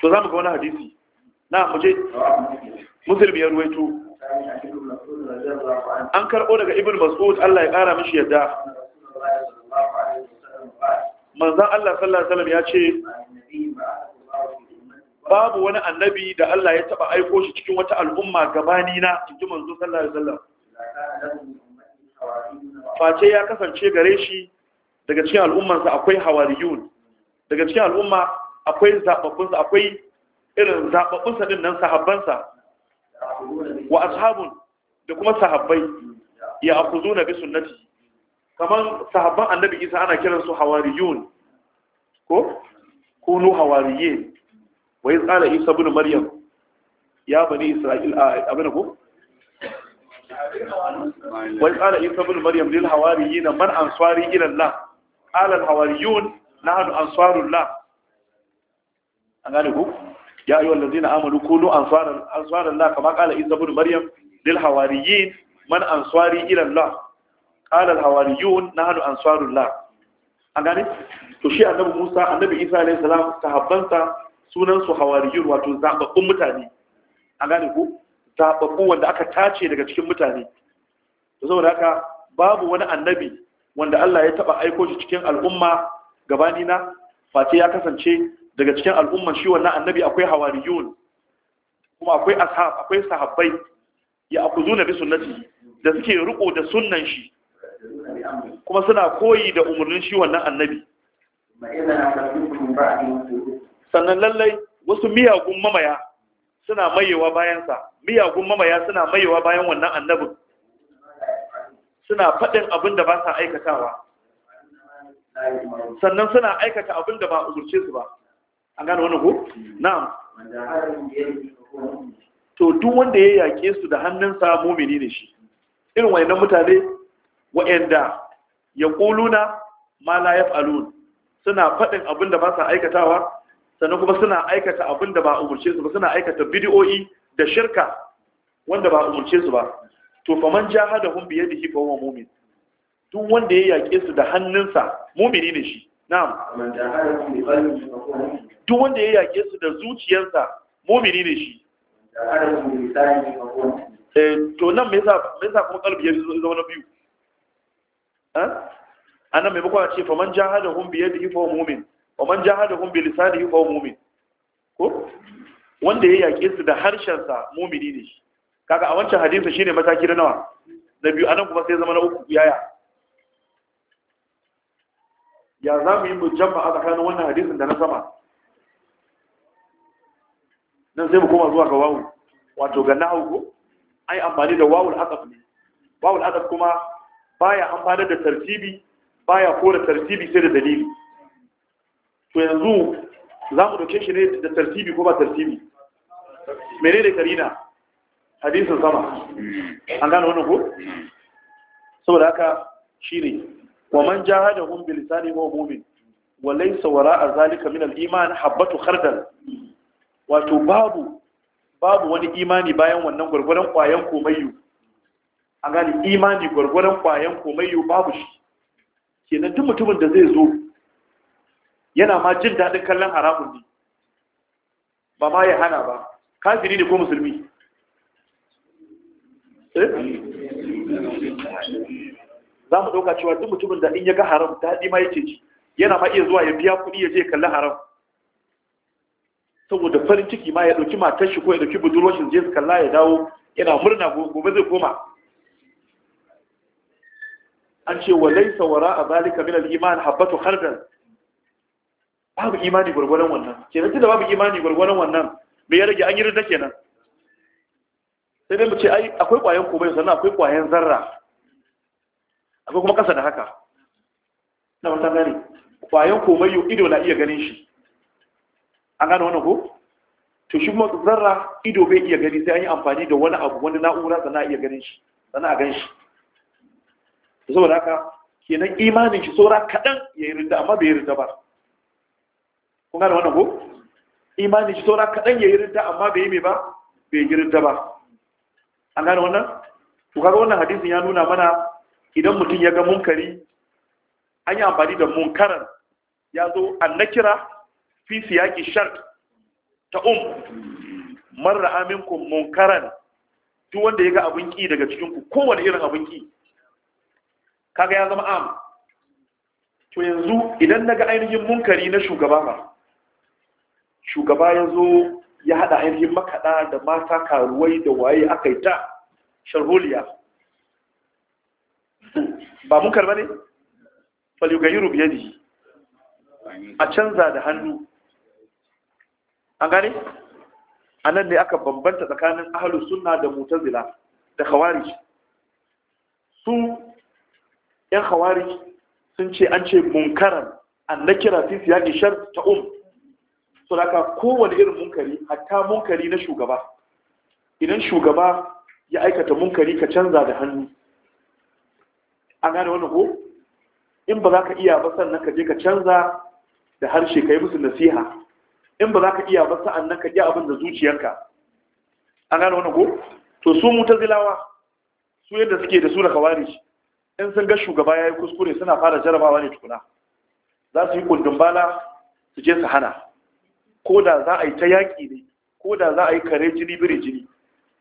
to za mu ga wani hadisi na muje musulmi ya ruwaito an karɓo daga ibn mas'ud Allah ya ƙara mishi yadda manzan Allah sallallahu alaihi wasallam ya ce babu wani annabi da Allah ya taba aiko shi cikin wata al'umma gabani na cikin Allah sallallahu alaihi wasallam face ya kasance gare shi daga cikin al'ummansa akwai hawariyun daga cikin al'umma akwai zaɓaɓɓunsa, akwai irin zaɓaɓɓunsa din nan sahabbansa wa ashabun da kuma sahabbai ya akuzuna bi sunnati kamar sahabban annabi isa ana kiransu hawariyun ko kunu hawariyin wa iz qala isa ibn maryam ya bani isra'il abin ko wa iz qala isa ibn maryam lil na man ansari ila allah qala na hannu nahnu ansarullah an gane ku ya ayyuhal ladina amanu kunu ansaran ansaran allah kama qala isa ibn maryam lil hawariyin man ansari ila qala al-hawariyun nahnu ansarullah an gani to shi annabi Musa annabi Isa alayhi ta sahabbansa sunansu hawari hawariyun wato zaɓaɓɓun mutane A gani ko zaɓaɓɓun wanda aka tace daga cikin mutane to saboda haka babu wani annabi wanda Allah ya taɓa aiko shi cikin al'umma gabani na face ya kasance daga cikin al'umman shi wannan annabi akwai hawariyun kuma akwai ashab akwai sahabbai ya zuna bi sunnati da suke riko da sunnan shi kuma suna koyi da umarnin shi wannan annabi sannan lallai wasu miyagun mamaya suna mayewa bayansa miyagun mamaya suna mayewa bayan wannan annabin suna faɗin abin da ba sa aikatawa sannan suna aikata abin da ba umarce su ba an gane wani ko? na'am to duk wanda ya yaƙe su da hannunsa mumini ne shi irin wayannan mutane wa'anda yaquluna ma la yaf'alun suna faɗin abin da ba sa aikatawa sannan kuma suna aikata abin da ba umurce su ba suna aikata bidiyoyi da shirka wanda ba umurce su ba to faman jahadahum bi yadihi fa huwa mu'min duk wanda ya yaƙe su da hannunsa mu'mini ne shi na'am tun wanda ya yaƙe su da zuciyarsa mu'mini ne shi eh, to nan me yasa me yasa kuma kalbi ya zama na biyu Eh? annan mai bakwa ce jahada jahadahum bi yadihi fa mu'min wa man jahadahum bi lisanihi fa mu'min ko wanda ya yake su da harshen sa mu'mini ne shi kaga a wancan hadisi shine mataki na nawa na biyu anan kuma sai zama na uku yaya ya za mu yi mujamma a tsakanin wannan hadisin da na sama nan sai mu koma zuwa ga wawu wato ga nahu ko ai amfani da wawul aqaf ne wawul aqaf kuma baya amfana da tartibi baya kora tartibi sai da dalili to yanzu za mu doke shi ne da tartibi ko ba tartibi menene karina hadisin sama an gane wannan ko saboda haka shine wa man jahadahum bil sani wa mu'min wa laysa wara'a zalika min al-iman habatu khardal wato babu babu wani imani bayan wannan gurgurun kwayan komayyu a gani imani gwargwaron kwayan yau babu shi kenan duk mutumin da zai zo yana ma jin daɗin kallon haramun ne ba ma ya hana ba kafiri ne ko musulmi eh? za mu ɗauka cewa duk mutumin da in ya ga haram daɗi ma yake ji yana ma iya zuwa ya biya kuɗi ya je kallon haram saboda farin ciki ma ya ɗauki matar shi ko ya ɗauki budurwar shi je su kalla ya dawo yana murna gobe zai koma an ce wa laisa a zalika min al-iman habatu khardal babu imani gurgurun wannan kenan tunda babu imani gurgurun wannan me ya rage an yi ridda kenan sai dai mu ce ai akwai ƙwayan komai sannan akwai kwayan zarra akwai kuma ƙasa da haka na wata gani Kwayan komai yau ido na iya ganin shi an gane wannan ko to shi kuma zarra ido bai iya gani sai an yi amfani da wani abu wani na'ura sannan a iya ganin shi sannan a gan shi saboda haka kenan imanin shi saura kaɗan ya yi rinda amma bai yi rinda ba kun gane wannan ko imanin shi saura kaɗan ya yi rinda amma bai yi mai ba bai yi rinda ba an gane wannan to kaga wannan hadisin ya nuna mana idan mutum ya ga munkari an yi amfani da munkaran ya zo kira fi siyaki shart ta um marra aminkum munkaran duk wanda ya ga abin ki daga cikin ku kowane irin abin ki kaga ya zama am to yanzu idan naga ainihin munkari na shugaba ba shugaba ya zo ya haɗa ainihin makaɗa da mata karuwai da waye aka yi ta sharholiya ba munkar ba ne? falugayiru biya ne a canza da hannu an gane? a nan ne aka bambanta tsakanin ahalus suna da mutazila da khawarij su yan hawari sun ce an ce munkaran an na kira fi siyaƙi shar ta um so da kowane irin munkari hatta munkari na shugaba idan shugaba ya aikata munkari ka canza da hannu an gane wani ko in ba za ka iya ba sannan ka je ka canza da harshe ka yi musu nasiha in ba za ka iya ba sa'annan ka ji abin da zuciyarka an gane wani ko to su mutazilawa su yadda suke da su da kawari in sun ga shugaba ya yi kuskure suna fara jarabawa ne tukuna za su yi kundin bala su je su hana ko da za a yi ta yaƙi ne ko da za a yi kare jini biri jini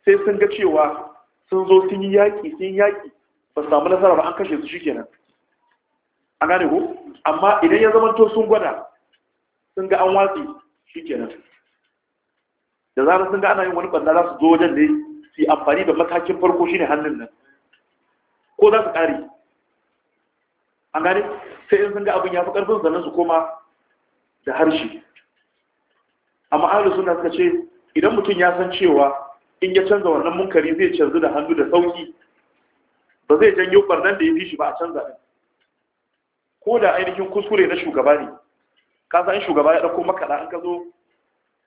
sai sun ga cewa sun zo sun yi yaƙi sun yi yaƙi ba su samu nasara ba an kashe su shikenan A gane ko amma idan ya zamanto sun gwada sun ga an watsi shikenan da zarar sun ga ana yin wani ɓanna za su zo wajen ne su yi amfani da matakin farko shine hannun nan ko za su ƙare an gane sai in sun ga abin ya fi ƙarfin sannan su koma da harshe amma ahalus suna suka ce idan mutum ya san cewa in ya canza wannan munkari zai canzu da hannu da sauki ba zai janyo barnan da ya fi shi ba a canza ne. ko da ainihin kuskure na shugaba ne ka san shugaba ya ɗauko makaɗa, an ka zo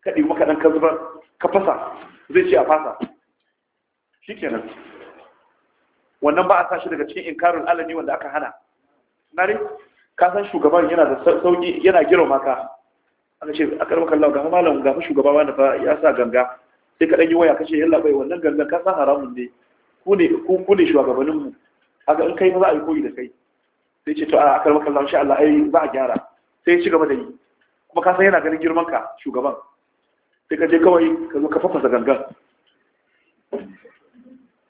ka ɗi ka zubar ka fasa zai ce a fasa kenan. wannan ba a sa shi daga cikin inkarin alami wanda aka hana nare ka san shugaban yana da sauki yana giro maka aka ce a karɓar kallon gafa malam gafa shugaba wanda fa ya sa ganga sai ka yi waya kashe yalla bai wannan gangan ka san haramun ne ku ne ku ne shugabanninmu haka in kai fa za a yi koyi da kai sai ce to a karɓar kallon shi Allah ai za a gyara sai ya ci gaba da yi kuma ka san yana ganin girman ka shugaban sai ka je kawai ka zo ka fafasa gangan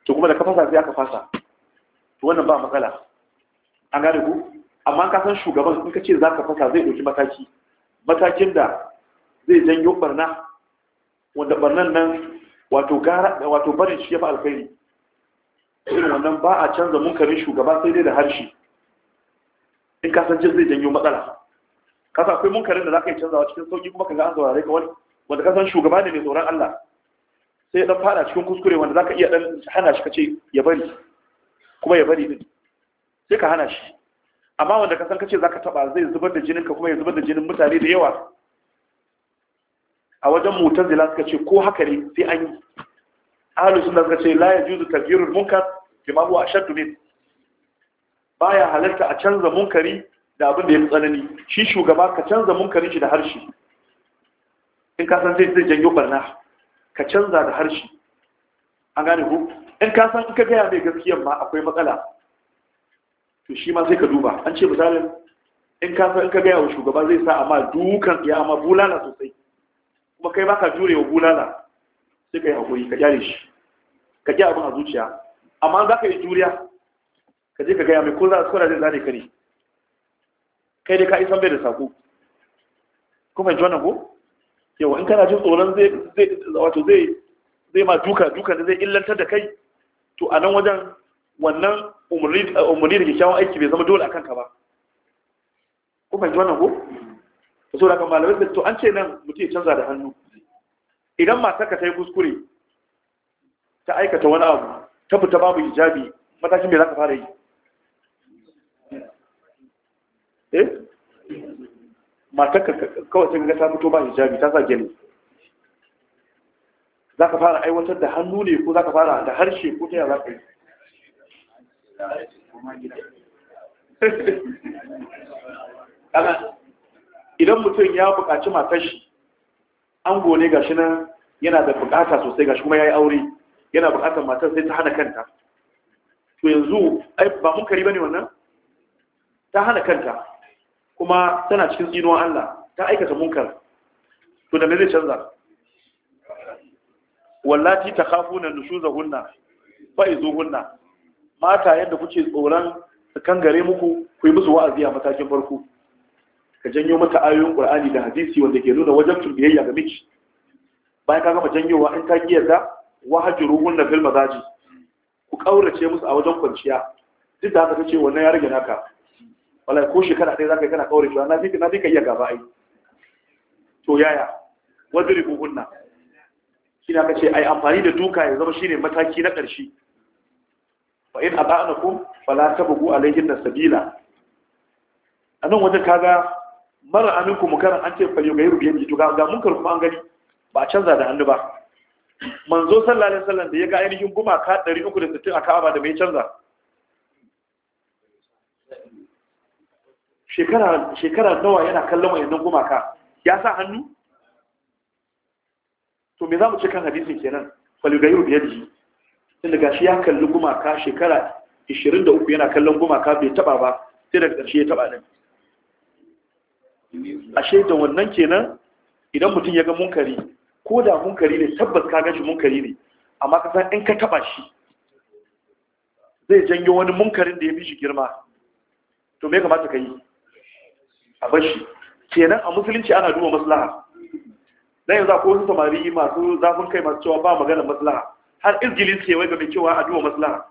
to kuma da ka fasa sai aka fasa to wannan ba matsala an gane ku amma ka san shugaban in ka ce za ka fasa zai ɗauki mataki matakin da zai janyo barna wanda barnan nan wato gara wato barin shi ya fi alkhairi irin wannan ba a canza munkarin shugaba sai dai da harshe in ka san jin zai janyo matsala ka sa akwai munkarin da za ka yi canzawa cikin sauki kuma ka ga an saurare ka wani wanda ka san shugaba ne mai tsoron Allah sai ya dan faɗa cikin kuskure wanda za ka iya dan hana shi ka ce ya bari kuma ya bari din sai ka hana shi amma wanda ka san kace zaka taba zai zubar da jinin ka kuma ya zubar da jinin mutane da yawa a wajen mutazila suka ce ko haka ne sai an yi ahlu sunna suka ce la yajuzu tagyirul munkar bima huwa ashaddu min baya halarta a canza munkari da abin da ya tsanani shi shugaba ka canza munkarin shi da harshe in ka san zai zai janyo barna ka canza da harshe an gane ku in ka san in ka gaya mai gaskiyar ma akwai matsala to shi ma sai ka duba an ce misali in ka san in ka gaya wa shugaba zai sa amma dukan ya amma bulala sosai kuma kai baka jure wa bulala sai ka yi hakuri ka gyare shi ka gyara abin a zuciya amma za ka yi juriya ka je ka gaya mai ko za su zai zane ka ne kai dai ka isan bai da sako kuma ji wannan ko yawa in kana jin tsoron zai zai zai zai ma duka duka da zai illantar da kai to a nan wajen wannan umarni eh, da kyakkyawan aiki bai zama dole a kanka ba ko fahimci wannan ko ta so kan malamai da to an ce nan mutum ya canza da hannu idan matar ka ta yi kuskure ta aikata wani abu ta fita babu hijabi matakin me za ka fara yi eh matar ka kawai ta ga ta fito ba hijabi ta sa gani za ka fara aiwatar da hannu ne ko za ka fara da harshe ko ta yaya kai yi idan mutum ya buƙaci matashi an ga shi nan yana da buƙata sosai ga shi kuma ya yi aure yana buƙatar matar sai ta hana kanta to yanzu ai ba munkari ba ne wannan ta hana kanta kuma tana cikin tsinuwan Allah ta aikata munkar to da me zai canza wallati ba nushuzahunna hunna mata yadda kuke tsoron kan gare muku ku yi musu wa'azi a matakin farko ka janyo mata ayoyin qur'ani da hadisi wanda ke nuna wajen biyayya ga miji bayan ka gama janyowa in ta kiyarda wahjuruhunna fil mazaji ku kaurace musu a wajen kwanciya duk da haka kace wannan ya rage naka wallahi ko shekara ɗaya zaka yi kana kaurace na fi na fi ka iya gaba ai to yaya hunna shi na kace ai amfani da duka ya zama shine mataki na ƙarshe fa in ata'anakum fala tabu alayhin nasbila anan wajen kaga mara aminku mukaran an ce faliyo ga yurbiyan ji to ga munkar kuma an gani ba a canza da hannu ba manzo sallallahu alaihi wasallam da ya ga ainihin gumaka 360 a Ka'aba da bai canza shekara shekara nawa yana kallon wayannan gumaka ya sa hannu to me za mu ci kan hadisin kenan falugayu biyar ji inda gashi ya kalli gumaka shekara 23 yana kallon gumaka bai taba ba sai daga ƙarshe ya taba nan ashe da wannan kenan idan mutum ya ga munkari ko da munkari ne tabbas ka gashi munkari ne amma ka san in ka taba shi zai janyo wani munkarin da ya bi shi girma to me kamata ka yi a bashi kenan a musulunci ana duba maslaha dan yanzu akwai wasu samari masu zafin kai masu cewa ba maganar maslaha har izgili ke wai ga mai cewa a duwa maslaha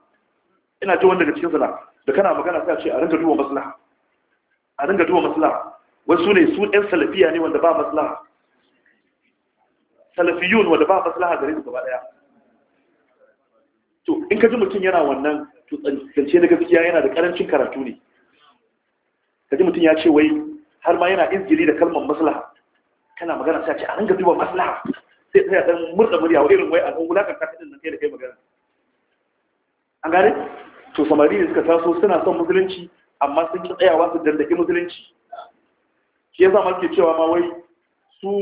ina ji wanda ga cikin sana da kana magana sai a ce a ringa duwa maslaha a ringa duwa maslaha wasu ne su ɗan salafiya ne wanda ba maslaha salafiyun wanda ba maslaha gare su gaba ɗaya to in ka ji mutum yana wannan to tsance na gaskiya yana da karancin karatu ne ka ji mutum ya ce wai har ma yana izgili da kalmar maslaha kana magana sai ce a ringa duba maslaha sai tsaya dan murda murya wa irin wai an wulakar ta kadin nan kai da kai magana an gane to samari ne suka taso suna son musulunci amma sun ki tsayawa su dandaki musulunci shi yasa muke cewa ma wai su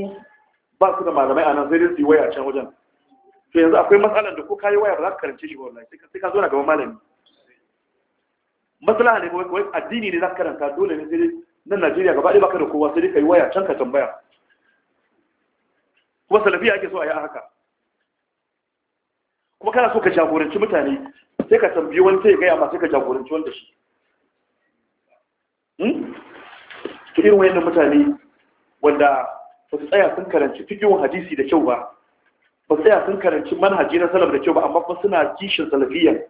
ba su da malamai a nan sai dai su yi waya a can wajen to yanzu akwai matsalar da ko kayi waya ba za ka karance shi ba wallahi sai ka zo na gaban malami maslaha ne wai addini ne za ka karanta dole ne sai dai nan Najeriya gaba ɗaya baka da kowa sai dai kai waya can ka tambaya kuma salafiya ake so a yi haka kuma kana so ka jagoranci mutane sai ka tambayi wani sai ya gaya ma sai ka jagoranci wanda shi hmm? to irin wayannan mutane wanda ba su tsaya sun karanci fikihun hadisi da kyau ba ba su tsaya sun karanci manhaji na salaf da kyau ba amma kuma suna kishin salafiyan.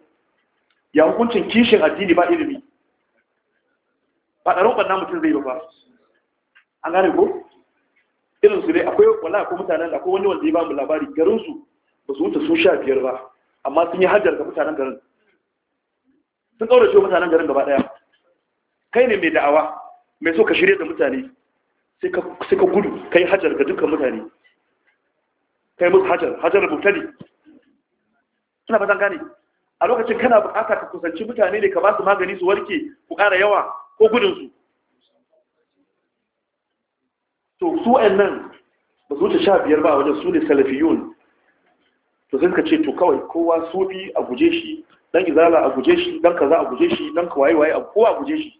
ya hukuncin kishin addini ba ilimi ba ɗarin ɓanna mutum zai ba an gane ko irin su dai akwai wala ko mutanen da akwai wani wanda ya ba mu labari garin su ba su wuce su sha biyar ba amma sun yi hajjar ga mutanen garin sun shi mutanen garin gaba daya kai ne mai da'awa mai so ka shirye da mutane sai ka gudu kai hajjar ga dukkan mutane kai musu hajjar hajjar rubuta ne suna fatan gane a lokacin kana bukata ka kusanci mutane ne ka ba su magani su warke ku ƙara yawa ko gudunsu to su nan ba su wuce sha biyar ba wajen su ne salafiyun to sai suka ce to kawai kowa sufi a guje shi dan izala a guje shi dan kaza a guje shi dan kawai waye a kowa a guje shi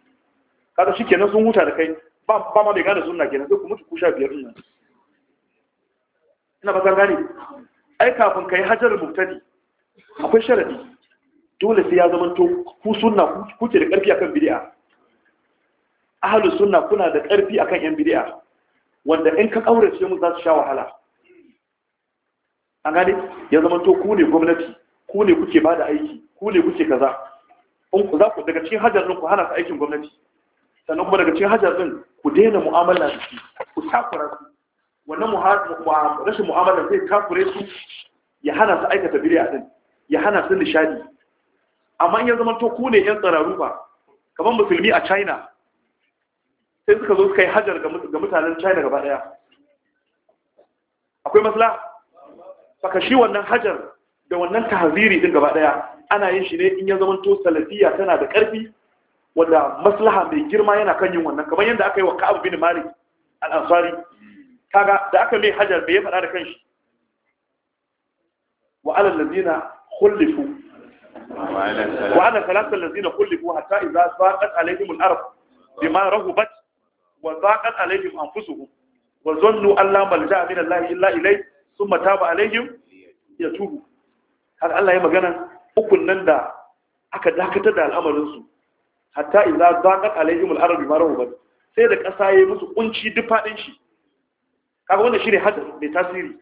kaga shikenan sun huta da kai ba ba ma bai gane sunna kenan sai ku mutu ku sha biyar din ina ba gane ai kafin kai hajar mubtadi akwai sharadi dole sai ya zama to ku sunna kuke da karfi akan bid'a ahlus sunna kuna da karfi akan yan bid'a wanda in ka ƙaurace mu za su sha wahala an gane ya zama to ku ne gwamnati ku ne kuke ba da aiki ku ne kuke kaza in ku za ku daga cikin hajjar ku hana su aikin gwamnati sannan kuma daga cikin hajjar ku daina mu'amala da su ku takura su wannan rashin mu'amala zai takure su ya hana su aikata biriya din ya hana su nishadi amma in ya zama to ku ne yan tsararru ba kamar musulmi a china sai suka zo suka yi hajar ga mutanen china gaba daya akwai masla Baka shi wannan hajar da wannan tahaziri din gaba daya ana yin shi ne in ya zama to salafiya tana da karfi wanda maslaha mai girma yana kan yin wannan kamar yadda aka yi wa ka'ab bin malik al-ansari kaga da aka mai hajar bai ya faɗa da kanshi wa alal ladina khulifu wa ala thalathal ladina khulifu hatta idza saqat alaihim al-ardh bima rahubat wa zaqat alaihim anfusuhum wa zannu alla malja min Allah illa ilai thumma taba alaihim yatubu har Allah ya magana ukun nan da aka dakatar da al'amarin su hatta idza zaqat alaihim al-ardu ma rahu sai da ƙasa yayi musu kunci duk fadin shi kaga wannan shine hadar mai tasiri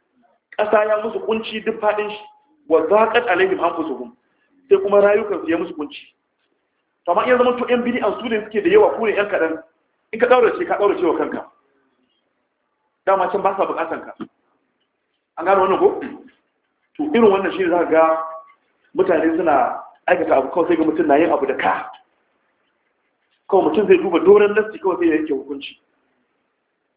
ƙasa ya musu kunci duk fadin shi wa zaqat alaihim anfusuhum sai kuma rayukan su ya musu kunci to amma iya zama to yan bid'an su ne suke da yawa ku ne yan kadan in ka ɗaurace, ka ɗaurace wa kanka dama can ba sa buƙatan ka an gano wannan ko to irin wannan shi za ga mutane suna aikata abu kawai sai ga mutum na yin abu da ka kawai mutum zai duba doron lasti kawai sai ya yake hukunci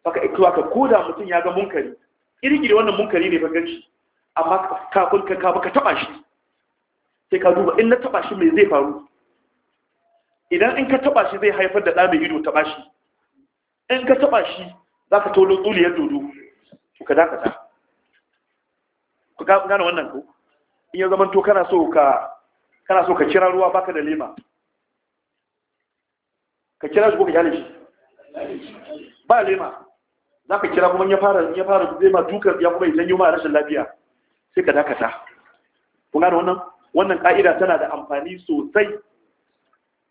baka ikuwa ka koda mutum ya ga munkari irigiri wannan munkari ne bakar shi amma kafin ka kafa ka taba shi sai ka duba in na taba shi mai zai faru idan in ka taba shi zai haifar da ɗa mai ido taba shi in ka taba shi za ka tolo tsuliyar dodo ka dakata ku gane wannan ko in ya zama to kana so ka na so ka kira ruwa baka da lema ka kira shi ko ka kyale shi ba lema za ka kira kuma ya fara ya fara lema dukar ya kuma yi ma rashin lafiya sai ka dakata ku gane wannan wannan ka'ida tana da amfani sosai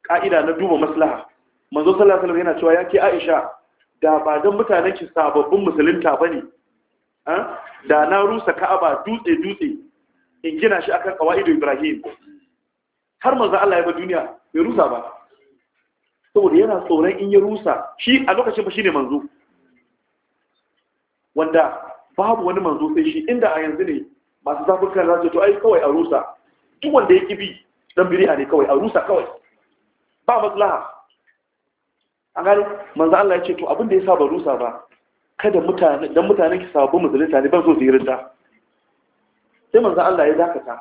ka'ida na duba maslaha manzo sallallahu alaihi wasallam yana cewa yake Aisha da ba don mutanen ki sababbin musulunta ba ne da na rusa ka'aba dutse-dutse in gina shi akan ido ibrahim har maza Allah ya ba duniya bai rusa ba saboda yana tsoron in yi rusa shi a lokacin ba shi ne manzo wanda babu wani manzo sai shi inda a yanzu ne masu zafin kan su to ai kawai a rusa duk wanda ya kibi don biri'a ne kawai a rusa kawai ba maslaha a gani manzan Allah ya ce to abin da ya saba rusa ba kada mutane don mutane ki sabu musulunta ne ban so su yi sai manzan Allah ya dakata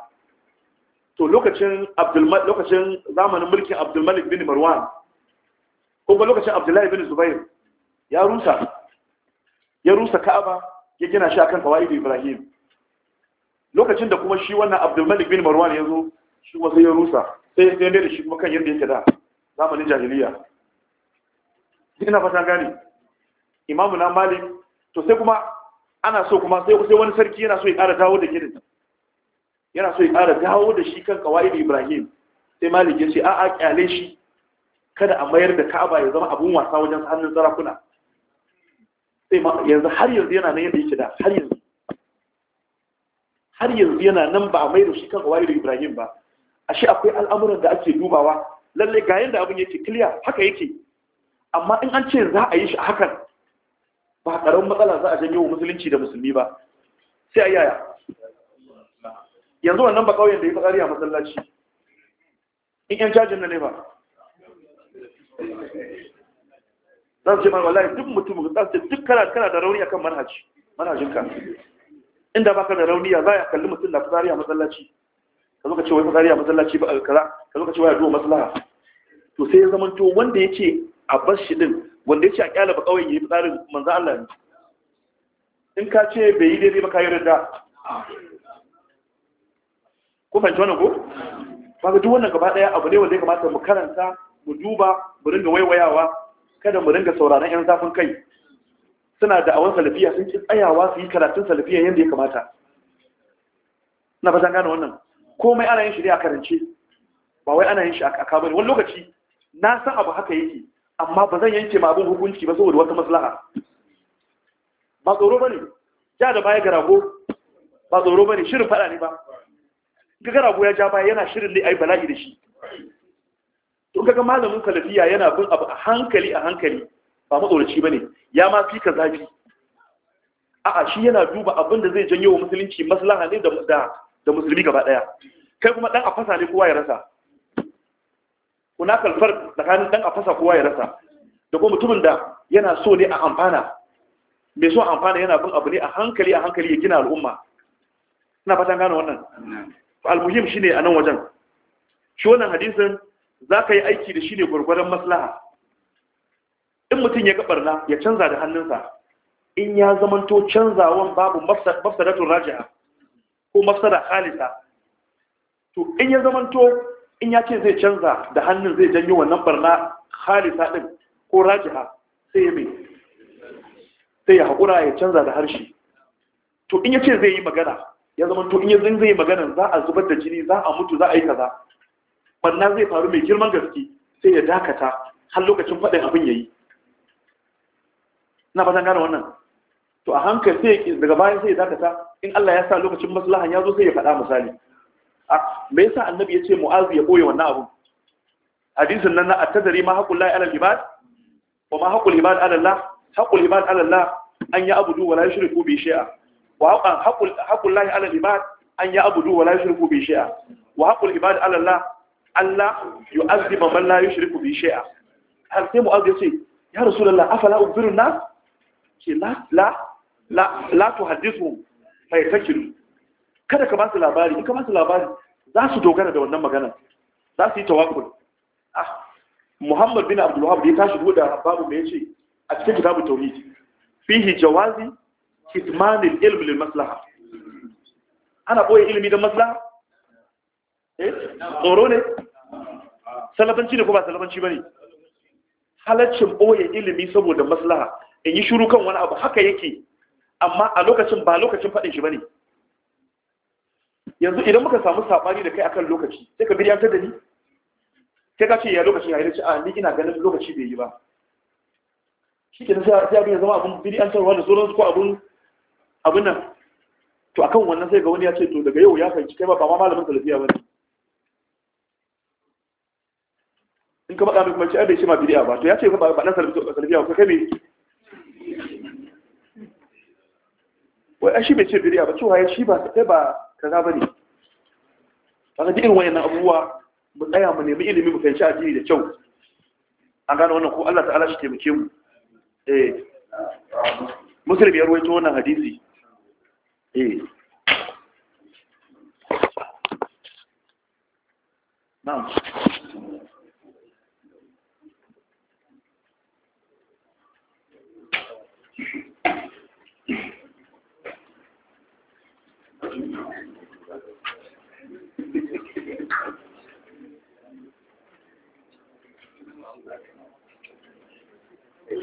to lokacin zamanin mulkin Abdulmalik bin Marwan ko ba lokacin Abdullahi bin Zubair ya rusa ya rusa Ka'aba ya gina shi akan kawai Ibrahim lokacin da kuma shi wannan Abdulmalik bin Marwan ya zo shi wasu ya rusa sai ya sai da shi kuma kan yadda yake da zamanin jahiliya ina fata gane imamu na malik to sai kuma ana so kuma sai wani sarki yana so ya ƙara dawo da gidan yana so ya ƙara dawo da shi kan kawai ibrahim sai malik ya ce a'a kyale shi kada a mayar da ka'aba ya zama abun wasa wajen hannun sarakuna sai yanzu har yanzu yana nan yadda yake da har yanzu har yanzu yana nan ba a mayar da shi kan kawai ibrahim ba ashe akwai al'amuran da ake dubawa lalle ga yanda abin yake clear haka yake amma in an ce za a yi shi a hakan ba karamin matsala za a janyo musulunci da musulmi ba sai a yaya yanzu wannan ba kauyen da ya tsari a masallaci in yan cajin na ne ba za su ce mara wallahi duk mutum za su ce duk kana kana da rauni akan manhaji manhajinka inda baka da rauni ya za ya kalli mutum da tsari a masallaci ka zo ka ce wai tsari a masallaci ba kaza ka zo ka ce wai ya duwa maslaha to sai ya zamanto wanda ya ce a bas shi din wanda ya ce a kyala ba kawai yi tsarin manzan Allah ne in ka ce bai yi daidai ba ka yi rida ko fahimci wannan ko ba ga duk wannan gaba daya abu ne wanda ya kamata mu karanta mu duba mu ringa waiwayawa kada mu ringa sauraron yan zafin kai suna da awon salafiya sun ci tsayawa su yi karatun salafiya yadda ya kamata na fasan gane wannan komai ana yin shi ne a karance ba wai ana yin shi a kabari wani lokaci na san abu haka yake amma ba zan yanke ma abin hukunci ba saboda wata maslaha ba tsoro ba ne ja da baya ga rago ba tsoro ba shirin faɗa ne ba ga ga rago ya ja baya yana shirin ne ai bala'i da shi to kaga malamin kalafiya yana bin abu a hankali a hankali ba matsoraci ba ne ya ma fi ka zafi a'a shi yana duba abin da zai janyo wa musulunci maslaha ne da musulmi gaba ɗaya kai kuma dan a fasa ne kowa ya rasa kuna kalfar tsakanin dan a fasa kowa ya rasa da kuma mutumin da yana so ne a amfana mai so amfana yana bin abu ne a hankali a hankali ya gina al'umma suna fatan gano wannan al-muhim shine a nan wajen shi wannan hadisin zaka yi aiki da shi ne gwargwaron maslaha in mutum ya gabarna ya canza da hannunsa in ya zamanto canzawan babu mafsadatun raji'a ko mafsada khalisa to in ya zamanto in ya ce zai canza da hannun zai janyo wannan barna halisa din ko rajiha sai ya mai sai ya haƙura ya canza da harshe to in ya ce zai yi magana ya zama to in ya zai yi magana za a zubar da jini za a mutu za a yi kaza barna zai faru mai girman gaske sai ya dakata har lokacin faɗin abin ya yi na ba gane wannan to a hankali sai daga bayan sai ya dakata in Allah ya sa lokacin maslaha ya zo sai ya faɗa misali Ah, me yasa annabi yace ce mu'azu ya boye wannan abu hadisin nan na atadari ma haqqul lahi alal ibad wa ma haqqul ibad alal lah haqqul ibad alal lah an ya abudu wa la yushriku bi shay'a wa haqqul haqqul lahi alal ibad an ya abudu wa la yushriku bi shay'a wa haqqul ibad alal lah Allah yu'azziba man la yushriku bi shay'a har sai mu'azu yace ce ya rasulullah afala ubirun nas ce la la la la tuhaddithu fa yatakilu kada ka ba su labari in ka ba su labari za su dogara da wannan magana za su yi tawakul ah muhammad bin abdul wahab ya tashi buɗe babu mai ce a cikin kitabu tauhid fihi jawazi kitman al-ilm lil maslaha ana boye ilimi don maslaha eh tsoro ne salafanci ne ko ba salafanci bane halaccin boye ilimi saboda maslaha in yi shiru kan wani abu haka yake amma a lokacin ba lokacin faɗin shi bane ne yanzu idan muka samu sabani da kai akan lokaci sai ka bidiyar da ni sai ka ce ya ya yi ce a ni ina ganin lokaci bai yi ba shi ke sai ya biya zama abun bidiyantarwa da su ko abun abun nan to akan wannan sai ga wani ya ce to daga yau ya fahimci kai ba ba ma malamin salafiya ba ne in ka faɗa mai kuma ce ai bai ce ma biriya ba to ya ce ba ba dan salafiya ba kai me wai ai shi bai ce biriya ba cewa ya shi ba sai ba kaza bane kaga duk irin wayannan abubuwa mu tsaya mu nemi ilimi mu fahimci addini da kyau an gano wannan ko Allah ta'ala shi taimake mu eh muslim ya ruwaito wannan hadisi eh na'am Thank you.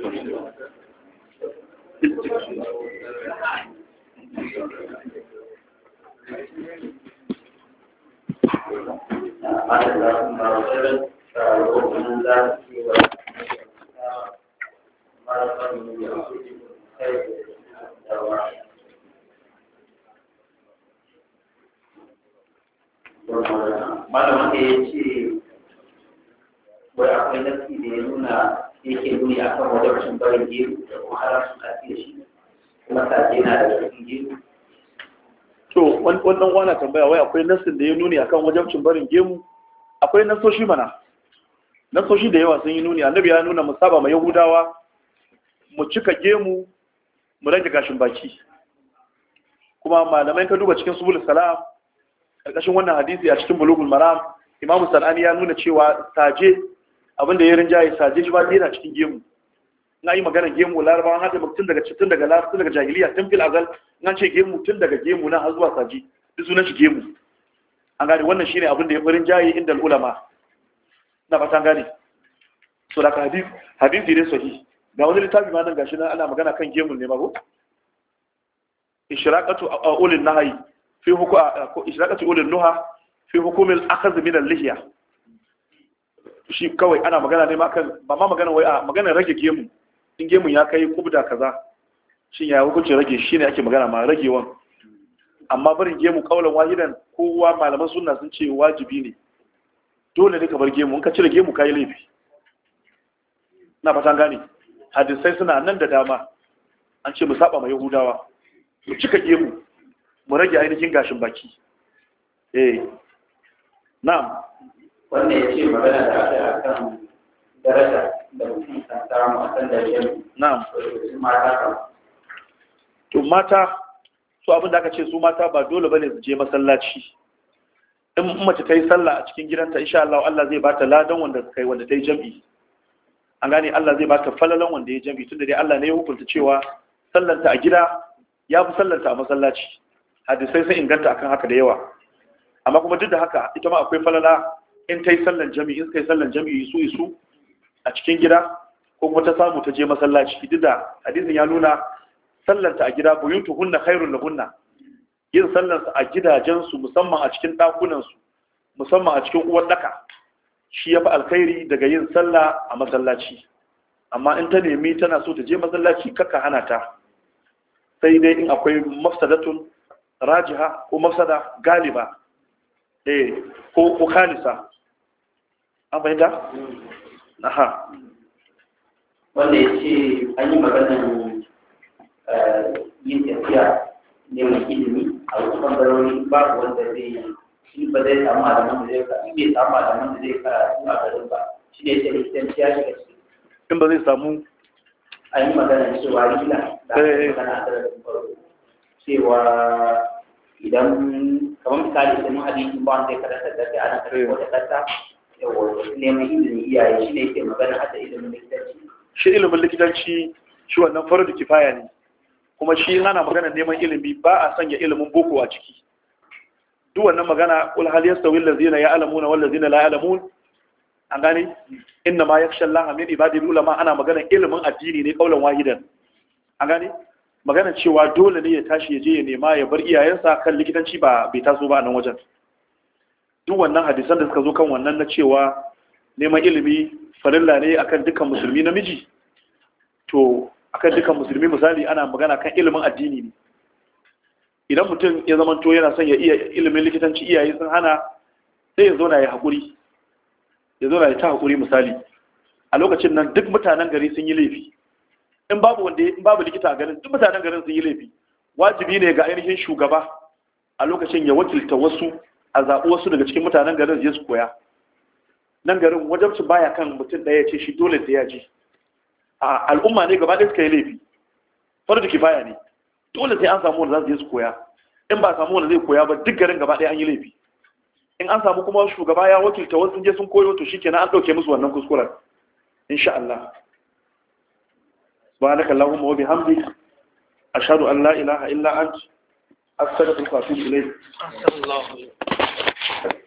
malamin da ya ce wai akwai nasi da ya nuna yake duniya a kan wajen rashin barin jiru da kuma harafin da shi kuma ce na da cikin jiru to wannan wana tambaya wai akwai nassin da ya nuni akan wajabcin barin gemu akwai nasoshi mana nasoshi da yawa sun yi nuni annabi ya nuna musaba mai yahudawa mu cika gemu mu rage gashin baki kuma malamai ka duba cikin subul salam karkashin wannan hadisi a cikin bulugul maram imam sanani ya nuna cewa taje abinda ya ya saje shi ba yana cikin gemu na yi magana gemu larabawa har da tun daga tun daga lar tun daga jahiliya tun fil azal na ce gemu tun daga gemu na har zuwa saje duk sunan shi gemu an gane wannan shine abinda ya farin jaye inda ulama na ta gane so da hadith hadith dai sahi ga wani littafi ma nan gashi nan ana magana kan gemu ne ba ko ishraqatu aulil uh, nahyi fi hukm uh, ishraqatu ulul nuha fi hukm al-akhadh min al-lihya shi kawai ana magana ne ma kan ba ma magana wai a magana rage gemu in gemun ya kai kubda kaza shin ya hukunci rage shi ne ake magana ma rage wan amma barin gemu kaulan wahidan kowa malaman sunna sun ce wajibi ne dole ne ka bar gemu in ka cire gemu kai laifi na fatan gane hadisai suna nan da dama an ce mu saba ma yahudawa mu cika gemu mu rage ainihin gashin baki eh na'am wannan ya ce magana da aka a kan daraja da mutum kan samu a kan dariyar na'am mata kan to mata su abin da aka ce su mata ba dole bane su je masallaci in mace ta yi sallah a cikin gidanta insha Allah Allah zai bata ladan wanda yi wanda ta yi jam'i an gane Allah zai bata falalan wanda ya jam'i tunda dai Allah ne ya hukunta cewa sallanta a gida ya fi sallanta a masallaci hadisai sun inganta akan haka da yawa amma kuma duk da haka ita ma akwai falala in ta yi sallan jami'i in suka yi sallan jami'i su isu a cikin gida ko kuma ta samu ta je masallaci duk da hadisin ya nuna sallarta a gida buyutu hunna khairun lahunna yin sallarsa a gidajensu musamman a cikin ɗakunansu musamman a cikin uwar daka shi yafi fi alkhairi daga yin sallah a masallaci amma in ta nemi tana so ta je masallaci kaka hana ta sai dai in akwai mafsadatun rajiha ko mafsada galiba eh ko ko khalisa an fahimta? aha wanda ya ce an yi maganin eh, yin tafiya neman ilimi a wasu ɓangarori ba wanda zai shi ba zai samu malaman da zai ka in bai samu malaman da zai karatu a garin ba shi ne ta likitan ya shiga ciki in ba zai samu a yi maganin cewa rila da magana a garin farko cewa idan kamar misali sai mun hadisi ba wanda ya karanta da ta ana karanta eh. wata karta yawa neman izinin iyaye shi ne ke magana hada ilimin likitanci shi ilimin likitanci shi wannan farar da kifaya ne kuma shi hana magana neman ilimi ba a sanya ilimin boko a ciki duk wannan magana kul hal yastawi allazina ya'lamuna wal ladzina la ya'lamun an gane inna ma yakhsha Allah min ibadil ulama ana magana ilimin addini ne kaulan wahidan an gane magana cewa dole ne ya tashi ya je ya nema ya bar iyayensa kan likitanci ba bai taso ba a nan wajen duk wannan hadisan da suka zo kan wannan na cewa neman ilimi farilla ne akan dukkan musulmi namiji to akan dukkan musulmi misali ana magana kan ilimin addini ne idan mutum ya to yana son ya iya ilimin likitanci iyaye sun hana sai ya zo na ya haƙuri ya zo na ya ta haƙuri misali a lokacin nan duk mutanen gari sun yi laifi in babu wanda in babu likita a garin duk mutanen garin sun yi laifi wajibi ne ga ainihin shugaba a lokacin ya wakilta wasu a zaɓi wasu daga cikin mutanen garin zai su koya nan garin wajen su baya kan mutum ɗaya ce shi dole da ya ji a al'umma ne gaba ɗaya suka yi laifi farji baya ne dole sai an samu wanda za su je su koya in ba samu wanda zai koya ba duk garin gaba ɗaya an yi laifi in an samu kuma shugaba ya wakilta wasu je sun koyo to shi kenan an ɗauke musu wannan kuskuren insha Allah subhanaka allahumma wa bihamdika ashhadu an la ilaha illa anta astaghfiruka wa atubu ilayk Thank you.